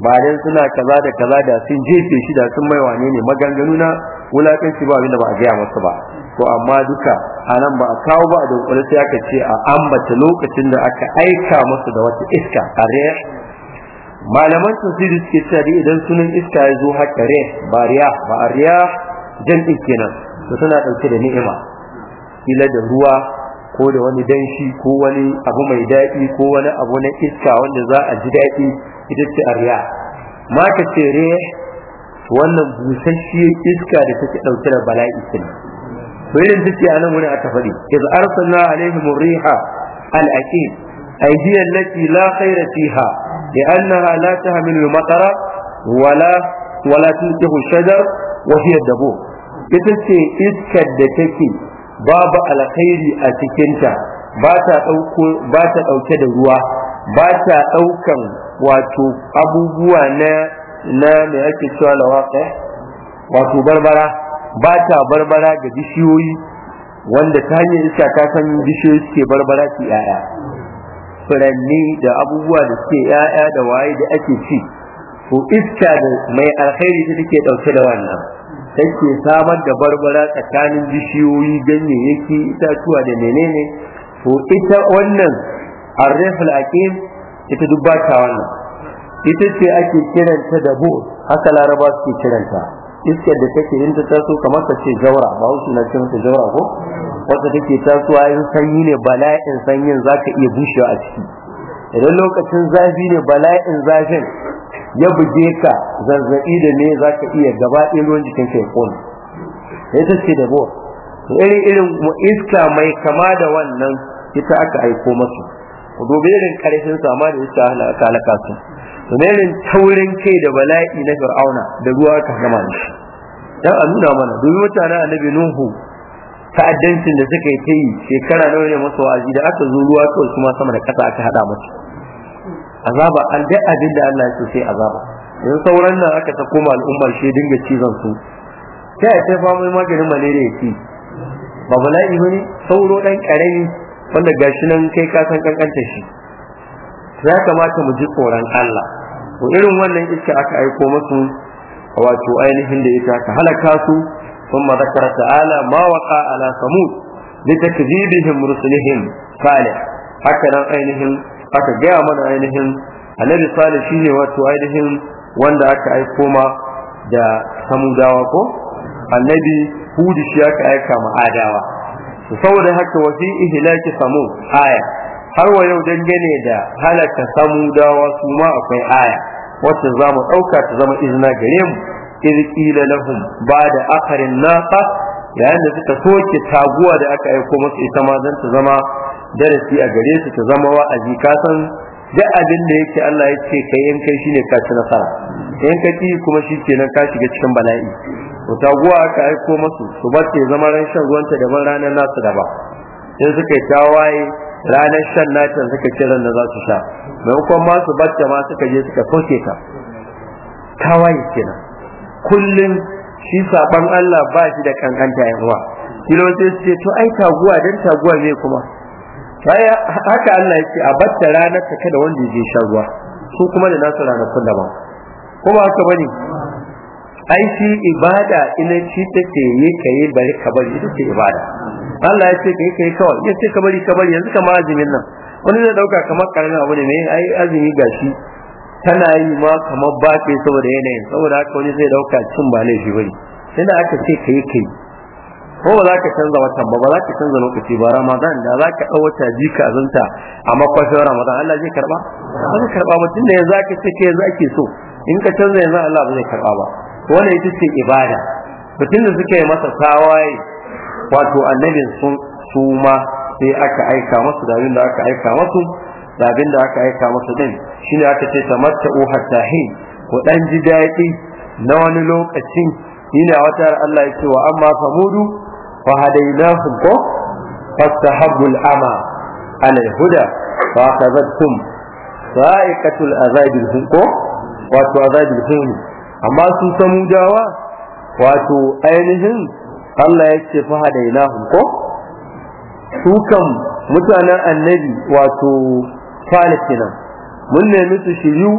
ba suna kaza da kaza da sun jefe shi da sun mai wane ne maganganu na wulakanci ba abinda ba a gaya masu ba to amma duka a nan ba a kawo ba a dunkule sai aka ce a ambata lokacin da aka aika masu da wata iska a malaman tafsiri suke tari idan sunan iska ya zo haka re ba riya ba a riya kenan to tana ɗauke da ni'ima kila da ruwa ko da wani danshi ko wani abu mai daɗi ko wani abu na iska wanda za a ji daɗi ita ce ariya wannan busasshiyar iska da take ɗauke da bala'i ce to irin a nan wurin aka faɗi iz arsalna alaihim riha al-aqim aydiyan lati la khayra fiha li'annaha la tahmilu al-matara wala wala tunqihu shajar wa hiya dabu ita ce iskar da take babu alkhairi a cikinta ba ta ɗauke da ruwa ba ta ɗaukan wato abubuwa na na me ake cewa lawaƙa wato barbara ba ta barbara ga bishiyoyi wanda ta hanyar iska ta san bishiyoyi suke barbara su yaya furanni da abubuwa da suke yaya da waye da ake ci ko iska da mai alkhairi ta take dauke da wannan take samar da barbara tsakanin bishiyoyi ganyayyaki itatuwa da menene Ko ita wannan arrafil aqim ita duk ba ta wannan ita ce ake kiranta da bo haka laraba suke kiranta iskar da take yin ta taso kamar ta ce zaura, ba wasu na cin ta zaura ko wata take tasowa yin sanyi ne bala'in sanyin za ka iya bushewa a ciki idan lokacin zafi ne bala'in zafin ya buge ka zazzabi da ne za ka iya gaba ɗaya ruwan jikin ka ya ita ce da bo irin irin iska mai kama da wannan ita aka aiko masu ku irin karfin sama da wuce halaka halaka su ku taurin kai da bala'i na fir'auna da ruwa ka gama shi dan a nuna mana dubi mutane annabi nuhu ta'addancin da suka yi ta yi shekara nawa ne masu wa'azi da aka zo ruwa kawai kuma sama da kasa aka haɗa musu azaba an dai abin da Allah ya so sai azaba yanzu sauran nan aka ta koma al'ummar shi dinga cizon su sai a ta famo maganin malaria ya ke? ba bala'i sauro dan karami wanda gashi nan kai ka san kankanta shi ya kamata mu ji tsoron Allah to irin wannan iska aka aiko musu wato ainihin da ita ka halaka su ثم ذكر تعالى ما وقع على ثمود لتكذيبهم رسلهم Haka nan ainihin aka gaya mana ainihin annabi shi ne wato ainihin wanda aka aiko ma da samudawa ko annabi hudi shi aka aika ma adawa saboda haka wa fi ihlaki samu aya har wa yau dangane da halaka da su ma akwai aya wacce za mu ɗauka ta zama izina gare mu izkila lahum ba da akarin nasa yayin da suka soke taguwa da aka aiko musu ita ma zan ta zama darasi a gare su ta zama wa'azi kasan duk abin da yake Allah ya ce kai in kai shine ka ci nasara in ka ci kuma shi nan ka shiga cikin bala'i to taguwa aka aiko masu su ba ce zama ran shan ruwanta daban ranar nasu daban sai suka tawaye ranar shan nata suka kiran da za su sha maimakon ma su bacce ma suka je suka soke ta waye kenan kullum shi saban Allah ba shi da kankanta yan uwa kilo sai su ce to ai taguwa dan taguwa ne kuma baya haka Allah yake a batta ranar ka kada wanda yake shan ruwa su kuma da nasu ranar daban ko ba haka bane ai shi ibada ina shi take yi kai bari ka bari ita ce ibada Allah ya ce kai kai kawai ya ce ka bari ka bari yanzu kamar azumin nan wani zai dauka kamar karamin abu ne ai azumi gashi tana yi ma kamar ba saboda yanayin saboda haka wani zai dauka cin ba laifi bane inda aka ce kai kai ko ba za ka canza watan ba ba za ka canza lokaci ba ramadan da za ka dawo ta ji ka zanta a makwashin ramadan Allah zai karba ba zai karba ba da yanzu aka ce ke yanzu ake so in ka canza yanzu Allah ba zai karba ba wannan ita ce ibada mutum da suka masa tawaye wato annabin sun suma sai aka aika masu da abin da aka aika masu da abin da aka aika masu din shine aka ce tamatta'u hatta hin ku dan ji daɗi na wani lokacin yana wata Allah ya ce wa amma famudu wa hadaynahum ko fastahabbu al-ama ala al-huda fa akhadhatum sa'iqatul azab al-hum ko wato azab al-hum amma su samudawa wato ainihin Allah ya ce fa hadaynahum ko su kan mutanen annabi wato falisinan mun nemi su shiryu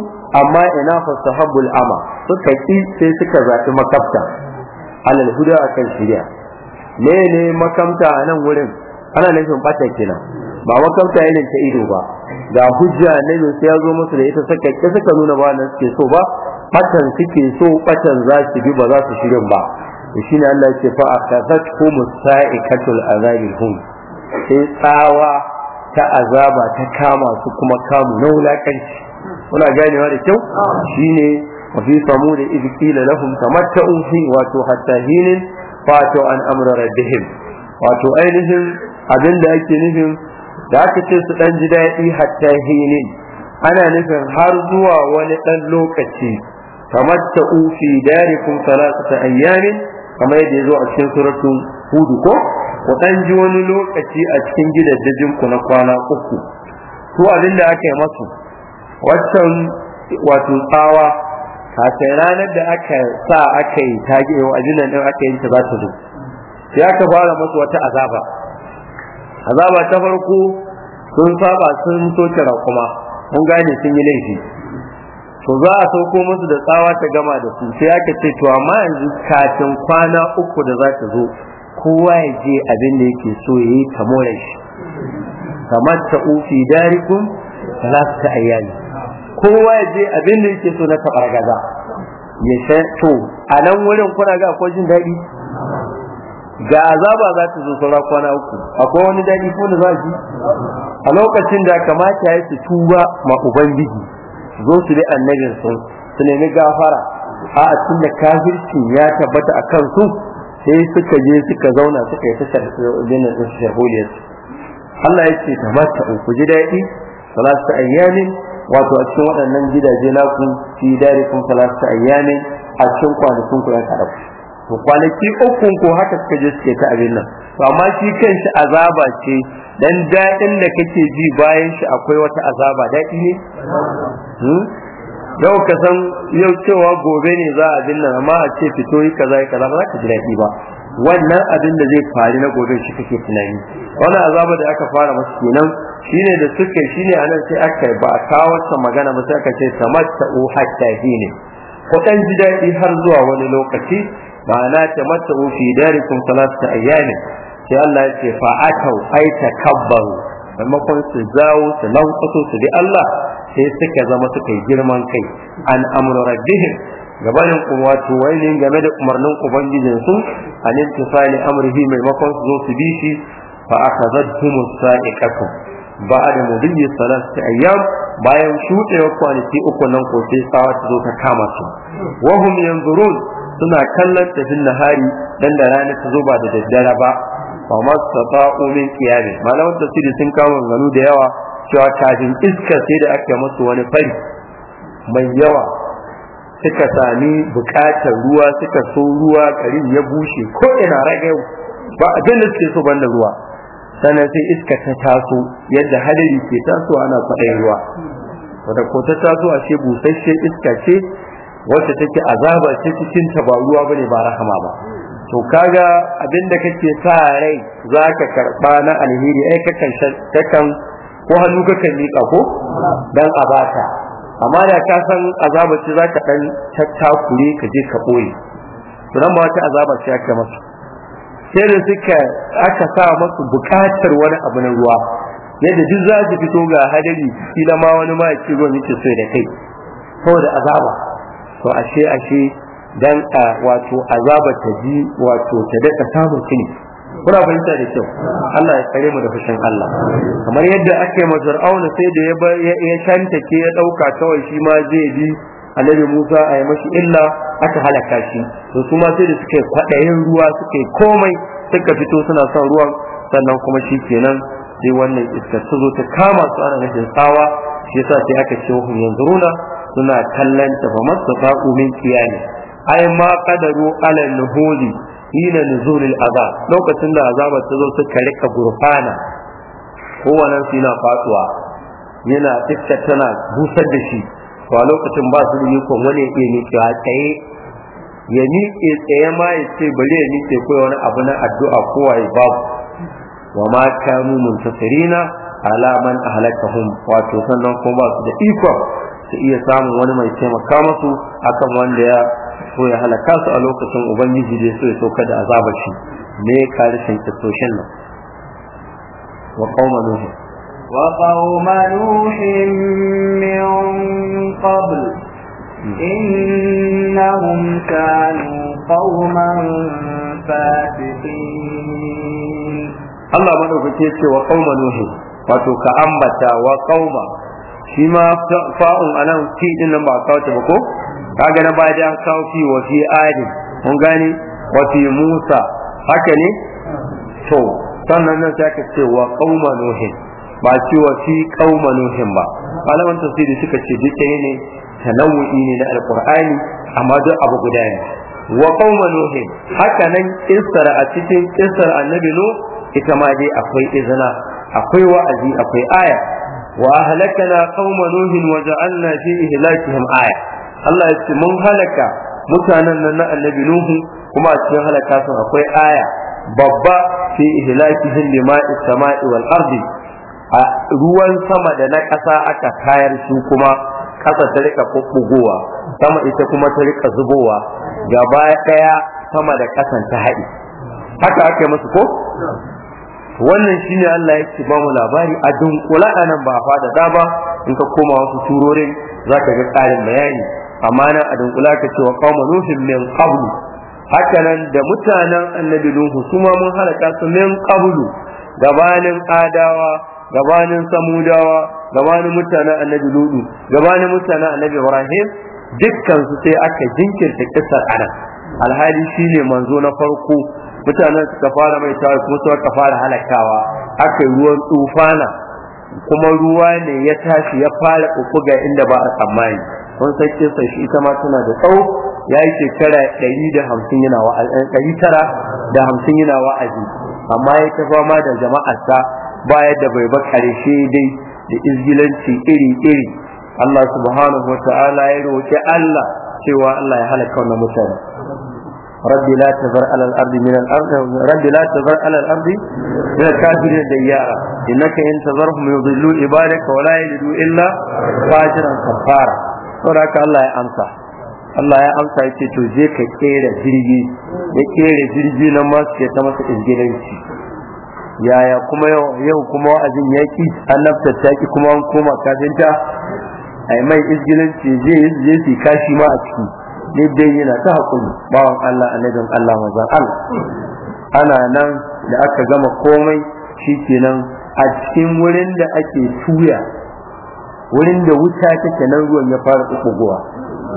amma ina fasahabul ama suka ki sai suka zaɓi makabta, alal huda akan shirya ne ne makamta a nan wurin ana nufin bata kenan ba makamta yana ta ido ba ga hujja ne sai ya zo musu da ita saka ke saka nuna ba nan suke so ba fatan suke so fatan za su bi ba za su shirin ba shi ne Allah ce fa akazat kum sa'ikatul azabil hum sai tsawa ta azaba ta kama su kuma kamu na wulakanci kuna ganewa da kyau shine wa fi samud idh qila lahum tamatta'u fi wato hatta hinin fato an amra rabbihim wato ainihin abin da ake nufin da aka ce su dan ji daɗi hatta hinin ana nufin har zuwa wani ɗan lokaci kamar ta ufi darikum salasata ayyamin kamar yadda ya zo a cikin suratun hudu ko ku dan ji wani lokaci a cikin gidajen ku na kwana uku to abin da aka yi masu waccan wato tsawa kafin ranar da aka sa aka yi tage yau ajinan din aka yi ta za ta zo ya ka fara musu wata azaba azaba ta farko sun saba sun soke raƙuma mun gane sun yi laifi to za a sauko musu da tsawa ta gama da su sai aka ce to amma yanzu kafin kwana uku da za ta zo kowa ya je abin da yake so ya yi ta more shi kamar ta ufi darikun za su ta ayyani kowa ya je abin da yake so na tabar gaza ya san to a nan wurin kuna ga akwai jin daɗi ga azaba za ta zo saura kwana uku akwai wani daɗi ko da za ji a lokacin da kamata ya su tuba ma ubangiji zo su bi annabin sun su nemi gafara a a tun da kafirci ya tabbata a kansu sai suka je suka zauna suka yi tashar shaholiyar Allah ya ce ta mata ku ji daɗi salatu ayyamin wato a cikin waɗannan gidaje na ku fi darikum salatu ayyamin a cikin kwanakin ku ya kada to kwanaki uku ko haka suka je suke ta abin nan to amma shi kan kanshi azaba ce dan daɗin da kake ji bayan shi akwai wata azaba daɗi ne hmm? yau ka san yau cewa gobe ne za a abin nan amma a ce fito yi kaza yi kaza ba za ka ji daɗi ba wannan abin da zai faru na gobe shi kake tunani wannan azaba da aka fara masu kenan shine da suke shine anan sai aka ba a kawo ta magana ba sai aka ce u hatta hine ko dan ji daɗi har zuwa wani lokaci ba na ta ma'ana u fi darikum salata ayyane. sai Allah ya ce fa atau ai takabbaru maimakon su zawo su lankwato su bi Allah sai suka zama suka yi girman kai an amru rabbihim gabanin wato wani game da umarnin ubangijin su an intifali amrihi maimakon su zo su bi shi fa akhadhtum sa'iqatu ba'da mudiyyi salati ayyam bayan shudewa kwanaki uku nan ko sai tsawa ta zo ta kama su wa hum yanzurun suna kallon tafin nahari dan da rana ta zo ba da daddare ba fa mastata'u min qiyam malamin tafsiri sun kama ganu da yawa cewa kafin iska sai da ake musu wani fari mai yawa suka sami bukatar ruwa suka so ruwa garin ya bushe ko ina rage ba abin da suke so banda ruwa sannan sai iska ta taso yadda hadari ke taso ana kwaɗayin ruwa wadda ko ta taso a ce busasshe iska ce wacce take azaba ce cikin ta ba ruwa bane ba rahama ba to kaga abinda kake sa rai zaka karba na alheri ai kakan kakan ko hannu kakan mika ko dan abata amma da ka san azaba ce za ka ɗan kure ka je ka ɓoye to nan ba wata azaba ce aka masa sai da suka aka sa masu bukatar wani abu na ruwa yadda duk za su fito ga hadari kila ma wani ma ce ruwan yake so da kai saboda azaba to ashe ashe dan a wato azaba ta ji wato ta daka samun kini kuna fahimta da kyau Allah ya kare mu da fushin Allah kamar yadda ake ma Fir'auna sai da ya ya ke ya dauka kawai shi ma zai bi annabi Musa a yi mashi illa aka halaka shi to su ma sai da suke kwadayin ruwa suke komai suka fito suna son ruwan sannan kuma shi kenan sai wannan iska ta zo ta kama su ana nufin tsawa shi yasa sai aka ce yanzu. Runa suna kallon ta fa masu min qiyani ai ma kadaru alal nuhuli hina nuzulil azab lokacin da azaba ta zo suka rika gurfana kowanne su yana fatuwa yana tikka tana busar da shi to a lokacin ba su da ikon wani ya iya miƙewa tsaye ya miƙe tsaye ma ya ce bari ya miƙe ko wani abu na addu'a ko waye babu wa ma kanu muntasirina ala man ahlakahum wato sannan kuma ba su da ikon su iya samun wani mai taimaka musu akan wanda ya so ya halaka su a lokacin ubangiji da so ya sauka da azabar shi me karshen kisoshin nan wa qauma nuh wa qauma nuh min qabl hmm. innahum kanu qauman fasiqin Allah madaukake ce wa qauma nuh wato ka ambata wa qauma shi ma fa'un anan fi din nan ba kawo ta ba ko kaga na ba da kawo wa fi adin mun gane wa fi musa haka ne to sannan nan sai ka ce wa qauma nuhin ba ci wa fi qauma nuhin ba malaman tafsiri suka ce duk ne tanawu'i ne na alqur'ani amma duk abu guda ne wa qauma nuhin haka nan isra a cikin isra annabi nu ita ma dai akwai izina akwai wa'azi akwai aya wa ahlakana qauma nuhin wa ja'alna fi ihlakihim aya Allah ya ce mun halaka mutanen nan na annabi nuhu kuma a cikin halaka sun akwai aya babba fi ihlakihim lima'i sama'i wal ardi a ruwan sama da na ƙasa aka tayar su kuma ƙasa ta rika bubbugowa sama ita kuma ta rika zubowa gaba ɗaya sama da ƙasan ta haɗi haka aka musu ko wannan shine Allah yake ba mu labari a dunkula anan ba fa da ba in ka koma wasu turorin zaka ga ƙarin bayani amma nan a dunkula ka cewa wa qauma nuhin min kabulu haka da mutanen annabi nuhu su ma mun halaka su min kabulu gabanin adawa gabanin samudawa gabanin mutanen annabi ludu gabanin mutanen annabi ibrahim dukkan su sai aka jinkirta kisar anan alhali shine manzo na farko mutanen suka fara mai tawaye kuma suka fara halakawa aka yi ruwan tufana. kuma ruwa ne ya tashi ya fara kukuga inda ba a tsammani kun sai sai shi ita ma tana da tsawo ya yi shekara ɗari da hamsin yana ɗari tara da hamsin yana wa'azi amma ya ta fama da jama'arsa bayar da bai ba karshe dai da izgilanci iri-iri Allah subhanahu wa ta'ala ya roƙi Allah cewa Allah ya halaka wannan mutane rabbi la tazar ala al-ardi min al-ardi rabbi la tazar ala al-ardi min al-kafirin dayyara innaka in tazarhum yudillu ibadaka wa la yajidu illa fajiran kafara saboda Allah ya amsa Allah ya amsa ya ce to je ka kera jirgi ya kera jirgi na masu suke ta masa ingilanci yaya kuma yau kuma wa'azin yaki annabta ta ki kuma an koma kafinta ai mai izgilanci je je fi kashi ma a ciki ne dai yana ta hakuri bawan Allah annabin Allah manzon Allah ana nan da aka gama komai shikenan a cikin wurin da ake tuya wurin da wuta take nan ruwan ya fara tsugowa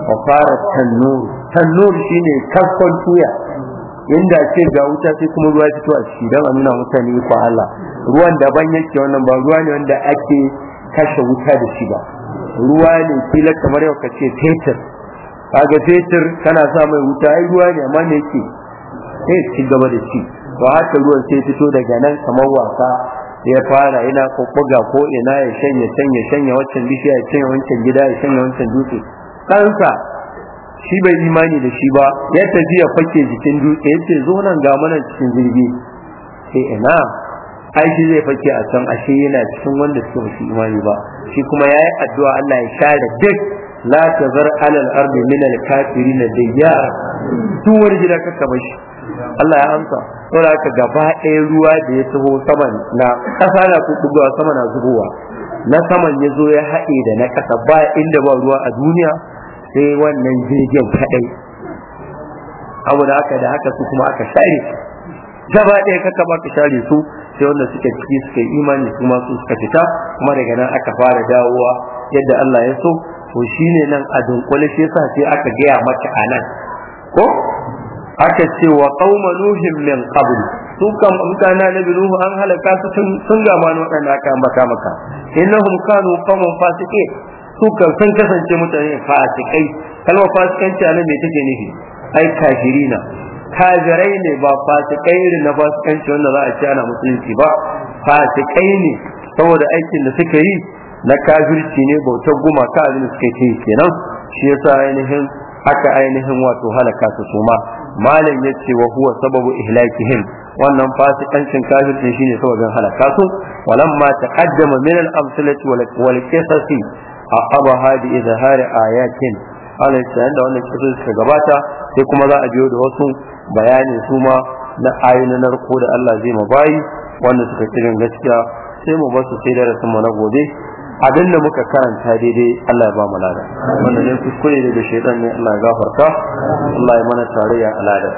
a fara tannur tannur ne kaskon tuya inda ce ga wuta sai kuma ruwa fito a ciki don Amina mutane ko Allah ruwan daban yake wannan ba ruwa ne wanda ake kashe wuta da shi ba ruwa ne kila kamar yau ka ce fetur kaga fetur kana sa mai wuta ai ruwa ne amma ne ke sai ci gaba da ci to haka ruwan sai fito daga nan kamar wasa ya fara ina ko buga ko ina ya shanye shanye shanye wancan bishiya ya shanye wancan gida ya shanye wancan dutse kansa shi bai imani da shi ba ya tafi ya fake jikin dutse ya ce zo nan ga mana cikin jirgi sai ina ai shi zai fake a can ashe yana cikin wanda suka fi imani ba shi kuma yayi addu'a Allah ya share duk la tazar alal ardi min al kafirin da yara duk gida kaka bashi. Allah ya amsa saboda haka gaba ɗaya ruwa da ya taho saman na ƙasa na kuɗugowa sama na zubowa na saman ya zo ya haɗe da na ƙasa ba inda ba ruwa a duniya sai wannan jirgin kaɗai abu da haka da haka su kuma aka share su gaba ɗaya kaka ba ka share su sai wanda suka ciki suka yi imani su masu su suka fita kuma daga nan aka fara dawowa yadda Allah ya so to shine nan a dunkule shi yasa sai aka gaya maka anan ko aka ce wa qauma nuhin min qabl su kan mutane annabi nuhu an halaka su tun sun gama waɗanda aka ambata maka innahum kanu qauman fasiqin su kan sun kasance mutane fasikai Kalma fasikanci a me take nufi ai kafirina kafirai ne ba fasikai ne na fasikanci wanda za a ce musulunci ba fasikai ne saboda aikin da suka yi na kafirci ne bautar gumaka abin da suka yi kenan shi yasa ainihin aka ainihin wato halaka su suma malam ya ce wa huwa sababu ihlakihim wannan fasikancin kafircin shine sababin halaka su walamma taqaddama min al-amsalati wal qisasi aqaba hadi izhari ayatin ala tsayan da wannan kisu suka gabata sai kuma za a biyo da wasu bayanin suma na ayyana narko da Allah zai mabayi wanda suka kiran gaskiya sai mu basu sai darasin mu na gobe abin da muka karanta daidai Allah ya ba mu lada wannan ne kuskure daga shaidan ne Allah ya gafarta Allah ya mana tarayya alada